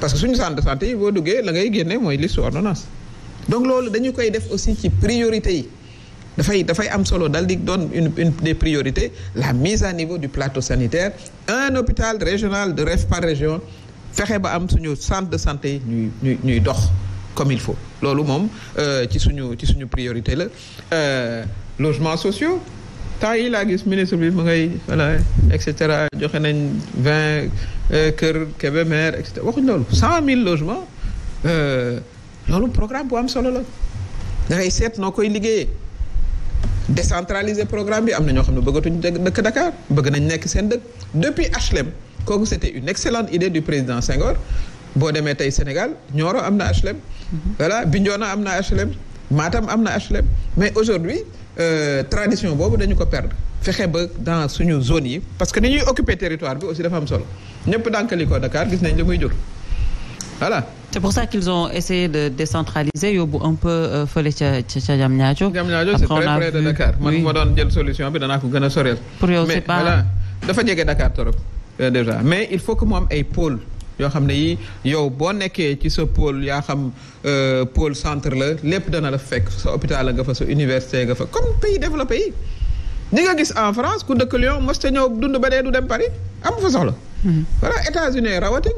parce que suñu centre de santé yi boo duggee la ngay génne mooy liste ordonnance donc loolu dañu koy def aussi ci priorité yi dafay dafay am solo dal di doon une une des priorités la mise à niveau du plateau sanitaire un hôpital régional de ref par région fexe ba am suñu centre de santé yi ñuy ñuy dox comme il faut loolu moom euh, ci suñu ci suñu priorité la euh, logements sociaux temps yi laa gis ministre bi mu ngay voilà et cetera joxe nañ vingt euh, kër Kébémer et cetera waxuñ loolu cent mille logements euh, loolu programme bu am solo la da seet noo koy liggéeyee décentraliser programme bi am na ñoo xam ne bëggatuñ dëkk Dakar bëgg nañ nekk seen dëkk depuis HLM kooku c'était une excellente idée du président sengor boo demee tey Sénégal Nioro am na HLM mm-hmm. voilà Bignona am na HLM maatam am na HLM mais aujourd'hui Euh, tradition boobu dañu ko perdre fexe ba dans suñu yi parce que ni ñuy occuper territoire bi aussi dafa am solo ñëpp dànkali Dakar gis nañ li muy jur voilà. c' est pour ça qu' ont essayé de décentraliser yóbbu un peu euh, fële ca ca Diamniadio. Diamniadio c' très près de Dakar man ma doon jël solution bi danaa ko gën a soreel. pour yow c' pas dafa jege Dakar trop euh, déjà mais il faut que mu ay pôles. yoo xam ne yi yow boo nekkee ci sa pôle yaa xam euh, pôle centre la lépp dana la fekk sa hôpital la nga fa sa université nga fa comme pays développé yi ñi nga gis en France ku dëkk Lyon mos ta ñëw dund ba dee du dem Paris am fa soxla hmm. voilà États-Unis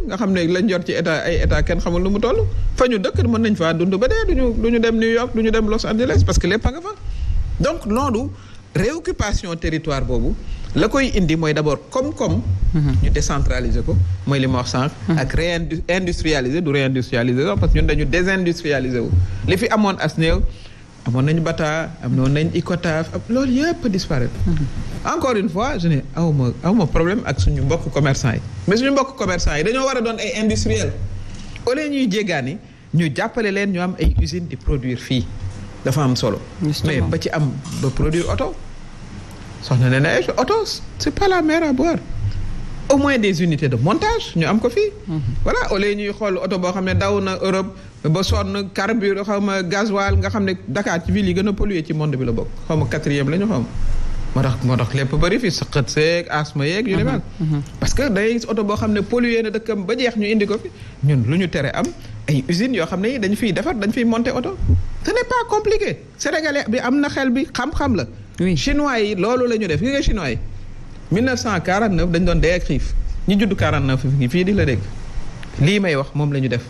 nga xam ne lañ jot ci état ay état kenn xamul lu mu toll fa ñu dëkk mën nañ faa dund ba dee duñu du ñu dem New York du ñu dem Los Angeles parce que lépp nga fa donc loolu réoccupation territoire boobu la koy indi mooy d'abord koom-koom. Mhm. ñu décentraliser ko mooy li ma wax sànq. Mhm. ak réindustrialiser du réindustrialiser parce que ñun dañu désindustrialiser wu. li fi amoon as néew amoon nañu Bata amoon nañu Icotaf loolu yëpp disparaître. Mhm. encore une fois je ne aw ma aw ma problème ak suñu mbokk commerçant yi. mais suñu mbokku commerçant yi dañoo war a doon ay industriels au lieu ñuy jéggaani ñu jàppale leen ñu am ay usines di produire fii dafa am solo. mais ba ci am ba produire oto. soxna ne na oto c'est pas la mer à boire au moins des unités de montage ñu am ko fi mhm. voilà ole ñuy xool oto boo xam ne daw na Europe ba sonn carburant xaw ma gasoil nga xam ne Dakar ci ville gën a pollué ci monde bi la bokk xaw ma quatrième la ñu xaw ma moo tax moo tax lépp bëri fi saqat seeg asma yeeg yu demee mhm, mhm. parce que day oto boo xam ne pollué na dëkkam ba jeex ñu indi ko fi ñun lu ñu tere am ay usines yoo xam ne dañu fiy defar dañu fiy monter oto ce n'est pas compliqué sénégalais bi am na xel bi xam-xam la oui chinois yi loolu la ñu def gis nga chinois yi. 1949 dañ doon dee ak xiif ñi judd 49 fii di la dégg lii may wax moom la ñu def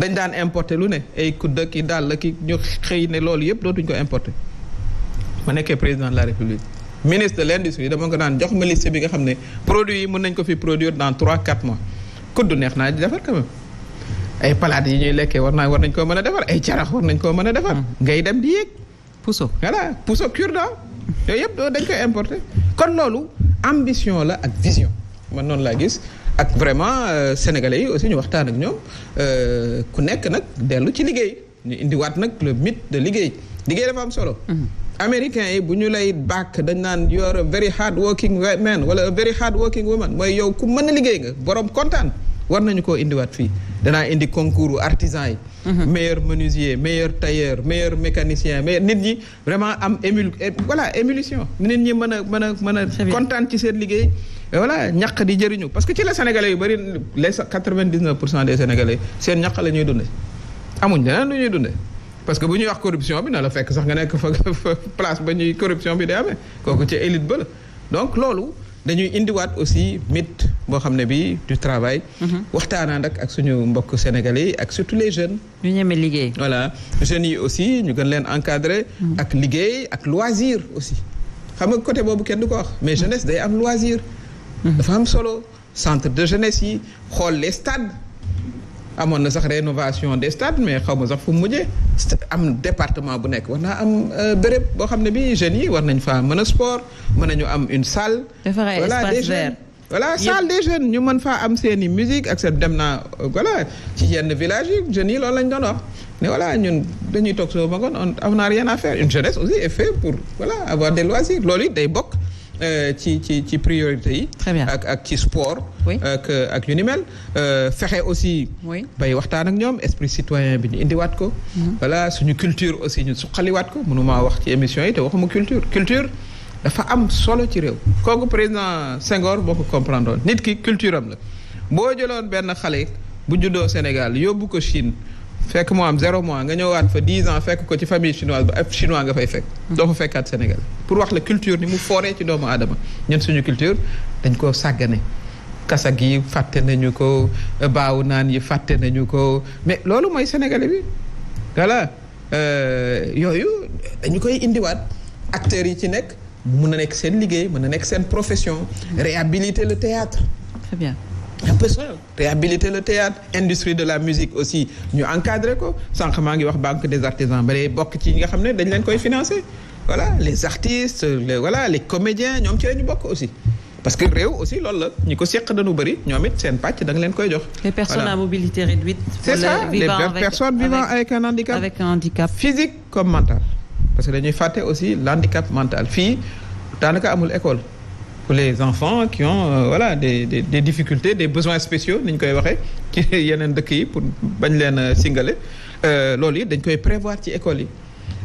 dañ daan importer lu ne ay kudd ki dàll ki ñu xëy ne loolu yëpp dootuñ ko importer. ma nekkee président de la république ministre de l'industrie dama ko naan jox ma liste bi nga xam ne produits yi mën nañ ko fi produire dans 3 4 mois kudd neex naa di defar quand même. ay palaat yi ñuy lekkee war naa war nañ koo mën a defar ay carax war nañ koo mën a defar. Mm. ngay dem di yéeg. puso voilà puso cure-dent yooyu yëpp dañ koy importer kon loolu ambition la ak vision man noonu laa gis ak vraiment euh, yi aussi ñu waxtaan ak ñoom euh, ku nekk nag dellu ci liggéey ñu indiwaat nag le mythe de liggéey liggéey dafa am solo. Mm-hmm. américains yi bu ñu lay bàkk dañ naan you are a very hard working man wala a very hard working woman mooy yow ku mën na liggéey nga borom kontaan war nañu ko indiwaat fii danaa indi concours artisan yi. Mm-hmm. meilleur menuisier meilleur tailleur meilleur mécanicien mais nit ñi vraiment am émul voilà émulation nit ñi mën a mën a mën a kontaan ci seen liggéey voilà ñaq di jëriñu parce que ci la sénégalais yu bëri les quatre-vingt-dix-neuf pour cent des sénégalais seen ñaq la ñuy dunde amuñ leneen lu ñuy dunde parce que bu ñuy wax corruption bi na la fekk sax nga nekk fa place ba ñuy corruption bi day amee kooku ci élite ba la donc loolu dañuy indiwaat aussi mythe boo xam ne bi du travail. Mhm. waxtaanaa nag ak suñu mbokk sénégalais yi ak surtout les jeunes. ñu ñeme liggéey. voilà jeunes yi aussi ñu gën leen encadrer. Mhm. ak liggéey ak loisir aussi. xam nga côté boobu kenn du ko wax mais mhm. jeunesse day am loisir. dafa am solo centre de jeunesse yi xool les stades. amoon na sax rénovation des stades mais xaw ma sax fu mu mujjee am département bu nekk war naa am euh, béréb boo xam ne bii jeunes yi war nañ faa mën a sport mën nañu am une salle. defaree espace vert voilà salle des jeunes ñu man faa am seeni i musique ak dem naa euh, voilà ci yenn village yi jeunes yi loolu lañ doon wax ne voilà ñun dañuy toog soo magoon on on n'a rien à faire une jeunesse aussi est fait pour voilà avoir des loisirs loolu it day bokk. Euh, ci ci ci priorité yi. ak ak ci sport. ak euh, ak yu ni mel. Euh, fexe aussi. bay waxtaan ak ñoom esprit citoyen bi ñu indiwaat ko. Mhm. voilà suñu culture aussi ñu suqaliwaat ko mënuma wax ci émission yi te waxuma culture culture. dafa am solo ci réew kooku président sengor boo ko comprendre nit ki culture am la boo jëloon benn xale bu juddoo Sénégal yóbbu ko Chine. fekk moo am zéro mois nga ñëwaan fa dix ans fekk ko ci famille chinoise ba ab chinois nga fay fekk. Hmm. doo fa fekkaat Sénégal pour wax la culture ni mu fooree ci doomu adama ñun suñu culture dañ koo sàggane. kasak yi fàtte nañu ko baaw naan yi fàtte nañu ko mais loolu mooy sénégalais bi voilà euh, yooyu dañu koy indiwaat acteurs yi ci nekk mun na nekk seen liggéey mun na nekk seen profession hmm. réhabiliter le théâtre très bien un peu ça réhabiliter le théâtre industrie de la musique aussi ñu encadrer ko sànq maa ngi wax banque des artisans bare bokk ci ñi nga xam ne dañ leen koy financer voilà les artistes les voilà les comédiens ñoom ci la bokk aussi parce que réew aussi loolu la ñi ko seq dañu bëri ñoom it seen pàcc da leen koy jox. les personnes à mobilité réduite. c'est ça les personnes vivant avec un handicap avec un handicap physique comme mental parce que dañuy fàtte aussi l'handicap mental fii daanaka amul école. pour les enfants qui ont euh, voilà des, des des difficultés des besoins spéciaux ni koy waxee ci yeneen dëkk yi pour bañ leen singale euh, loolu yi dañ koy prévoir ci école yi.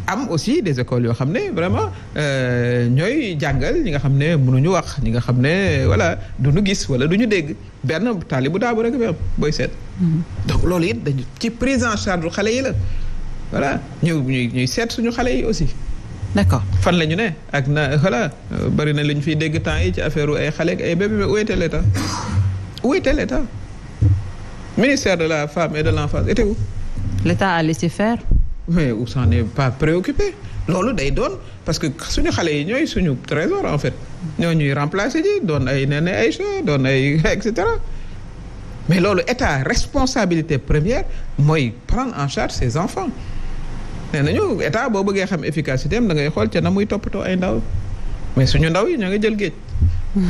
am aussi des écoles yoo xam ne vraiment euh, ñooy jàngal ñi nga xam ne mënuñu wax ñi nga xam ne voilà du ñu gis wala du ñu dégg benn taali bu daabu rek bi booy seet. Mm-hmm. donc loolu it dañu ci prise en charge xale yi la voilà ñuy ñuy seet suñu xale yi aussi. d'accord fan la ñu ne ak na voilà bari na li ñu dégg temps yi ci affaire ay xale ak ay bébé mais où était l'État où était l'État ministère de la femme et de l'enfance était où l'État a laissé faire mais où s'en est pas préoccupé loolu day doon parce que suñu xale yi ñooy suñu trésor en fait ñoo ñuy remplacer ji doon ay Néné Aïcha doon ay et mais loolu État responsabilité première mooy prendre en charge ses enfants nee nañu état boo bëggee xam efficacité am da xool ca na muy toppatoo ay ndaw mais suñu ndaw yi ñoo ngi jël géej.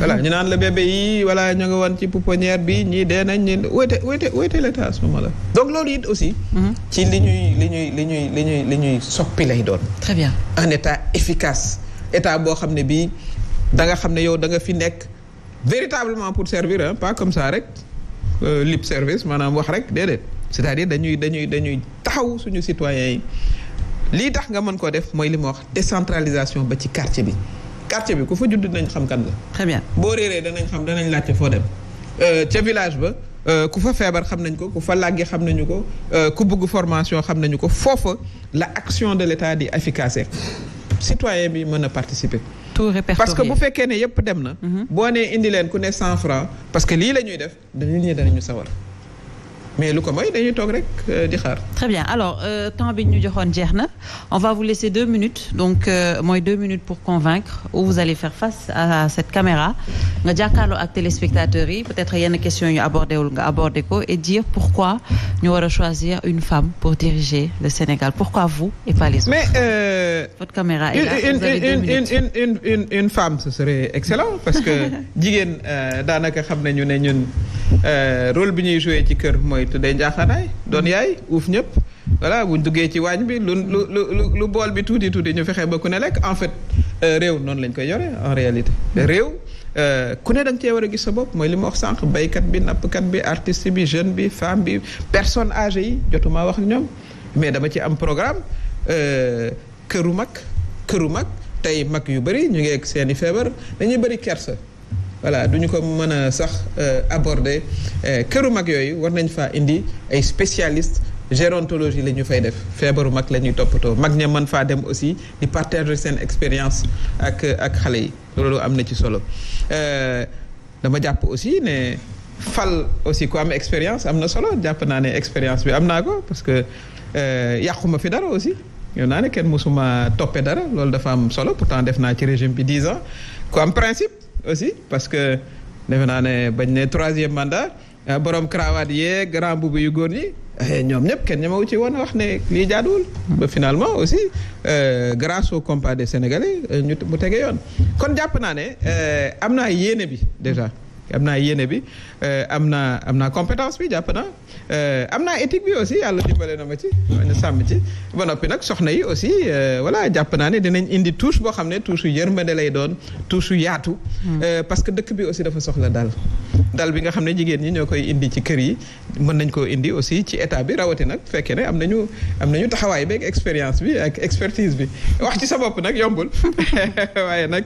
voilà ñu naan la bébé yi voilà ñu ngi woon ci pouponnière bi ñii dee nañ ñii wéete wéete wéete l'état à ce moment donc loolu it aussi. Mm-hmm. ci li ñuy li ñuy li ñuy li ñuy li ñuy soppi lay doon. très bien un état efficace état boo xam ne bii danga xam ne yow da nga fi nekk véritablement pour servir hein pas comme ça rek euh, lip service maanaam wax rek déedéet c'est-à-dire dañuy dañuy dañuy taxaw suñu citoyens yi. lii tax nga mën koo def mooy li ma wax décentralisation ba ci quartier bi quartier bi ku fa judd dinañ xam kan la. très boo réeree danañ xam danañ laajte foo dem. Euh, ca village ba euh, ku fa feebar xam nañ ko ku fa làggi xam nañu ko euh, ku bugg formation xam nañu ko foofa la action de l'État di efficace citoyen bi mën a participer. tout répertorié parce que bu fekkee ne yépp dem na. Mhm. boo nee indi leen ku ne cent francs parce que lii la ñuy def dañu ñëw danañu sawar. mais lu ko mooy dañuy toog rek euh, di xaar. très bien alors euh, temps bi ñu joxoon jeex na on va vous laisser deux minutes donc euh, mooy deux minutes pour convaincre où vous allez faire face à cette caméra nga jàkkaarloo ak téléspectateurs yi peut-être yenn questions yu abordé wul nga abordé ko et dire pourquoi ñu war a choisir une femme pour diriger le Sénégal pourquoi vous et pas les autres. mais euh, votre caméra est là vous une une une une femme ce parce que jigéen euh, daanaka xam nañu ne ñun rôle bi ñuy joué ci kër mooy. tëddee njaaxanaay doon yaay uuf ñëpp voilà buñ duggee ci waañ bi lu lu lu lu bool bi tuuti tuuti ñu fexe ba ku ne lekk en fait euh, réew noonu lañ koy yore en réalité mm-hmm. réew euh, ku ne da nga cee war a gis sa bopp mooy li ma wax sànq baykat bi nappkat bi artiste bi jeune bi femme bi personne age yi jotuma wax ñoom mais dama ci am programme euh, këru mag këru mag tey mag yu bëri ñu ngi ak seeni feebar dañuy bëri kersa voilà du ñu ko mën a sax euh, aborder euh, këru mag yooyu war nañ faa indi ay spécialistes gérontologie la ñu fay def feebaru mag la ñuy toppatoo mag ña mën faa dem aussi di partager seen expérience ak ak xale yi loolu am na ci solo euh, dama jàpp aussi ne fal aussi ku am expérience am na solo jàpp naa ne expérience bi am naa ko parce que yàquma fi dara aussi yow naa ne kenn mësuma toppe dara loolu dafa am solo pour pourtant def naa ci régime bi dix ans ku am principe aussi parce que defe naa ne bañ ne troisième mandat euh, borom cravate yeeg grand boubou yu góor ñi eh, ñoom ñëpp kenn ñamawu ci woon wax ne lii jaaduwul. ba finalement aussi euh, grâce au compas des sénégalais euh, ñu mu tege yoon kon jàpp naa ne am naa yéene bi déjà. am naa yéene bi euh, am na am naa compétence bi jàpp na euh, am naa éthique bi aussi yàlla dimbale na ma ci na ci ba noppi nag soxna yi aussi euh, voilà jàpp naa ne dinañ indi touche boo xam ne touche yu yërmande lay doon touche yu yaatu hmm. parce que dëkk bi aussi dafa soxla daal dal bi nga xam ne jigéen ñi ñoo koy indi ci kër yi mën nañ ko indi aussi ci état bi rawati nag fekkee ne am nañu am nañu taxawaay beeg expérience bi ak expertise bi wax ci sa bopp nag yombul waaye nag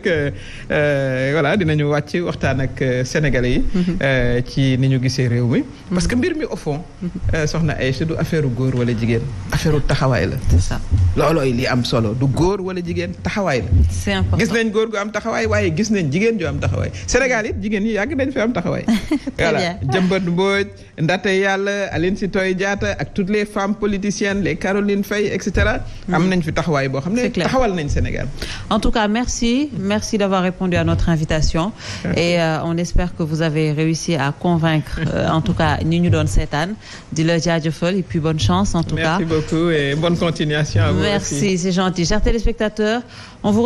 voilà dinañu wàcc waxtaan ak Sénégal sénégalais yi. Mhm. Euh, ci ni ñu gisee réew mi. parce que mhm. mbir mi au fond. Euh, soxna ay du affaire góor wala jigéen affaire taxawaay la. c'est ça loolooy li am solo du góor wala jigéen taxawaay la. c'est important gis nañ góor gu am taxawaay waaye gis nañ jigéen ju am taxawaay Sénégal it jigéen ñi yàgg nañ fi am taxawaay. voilà Jëmbat Mbooj Ndate Yàlla Aline Sitoé Diatta ak toutes les femmes politiciennes les Caroline Faye et cetera. Mhm. am nañ fi taxawaay boo xam ne taxawal nañ Sénégal. en tout cas merci merci d'avoir répondu à notre invitation que vous avez réussi à convaincre euh, en tout cas ñi ñu doon seetaan di la jaajëfal et puis bonne chance en tout merci cas merci beaucoup et bonne continuation à vous merci aussi. c'est gentil chers téléspectateurs on vous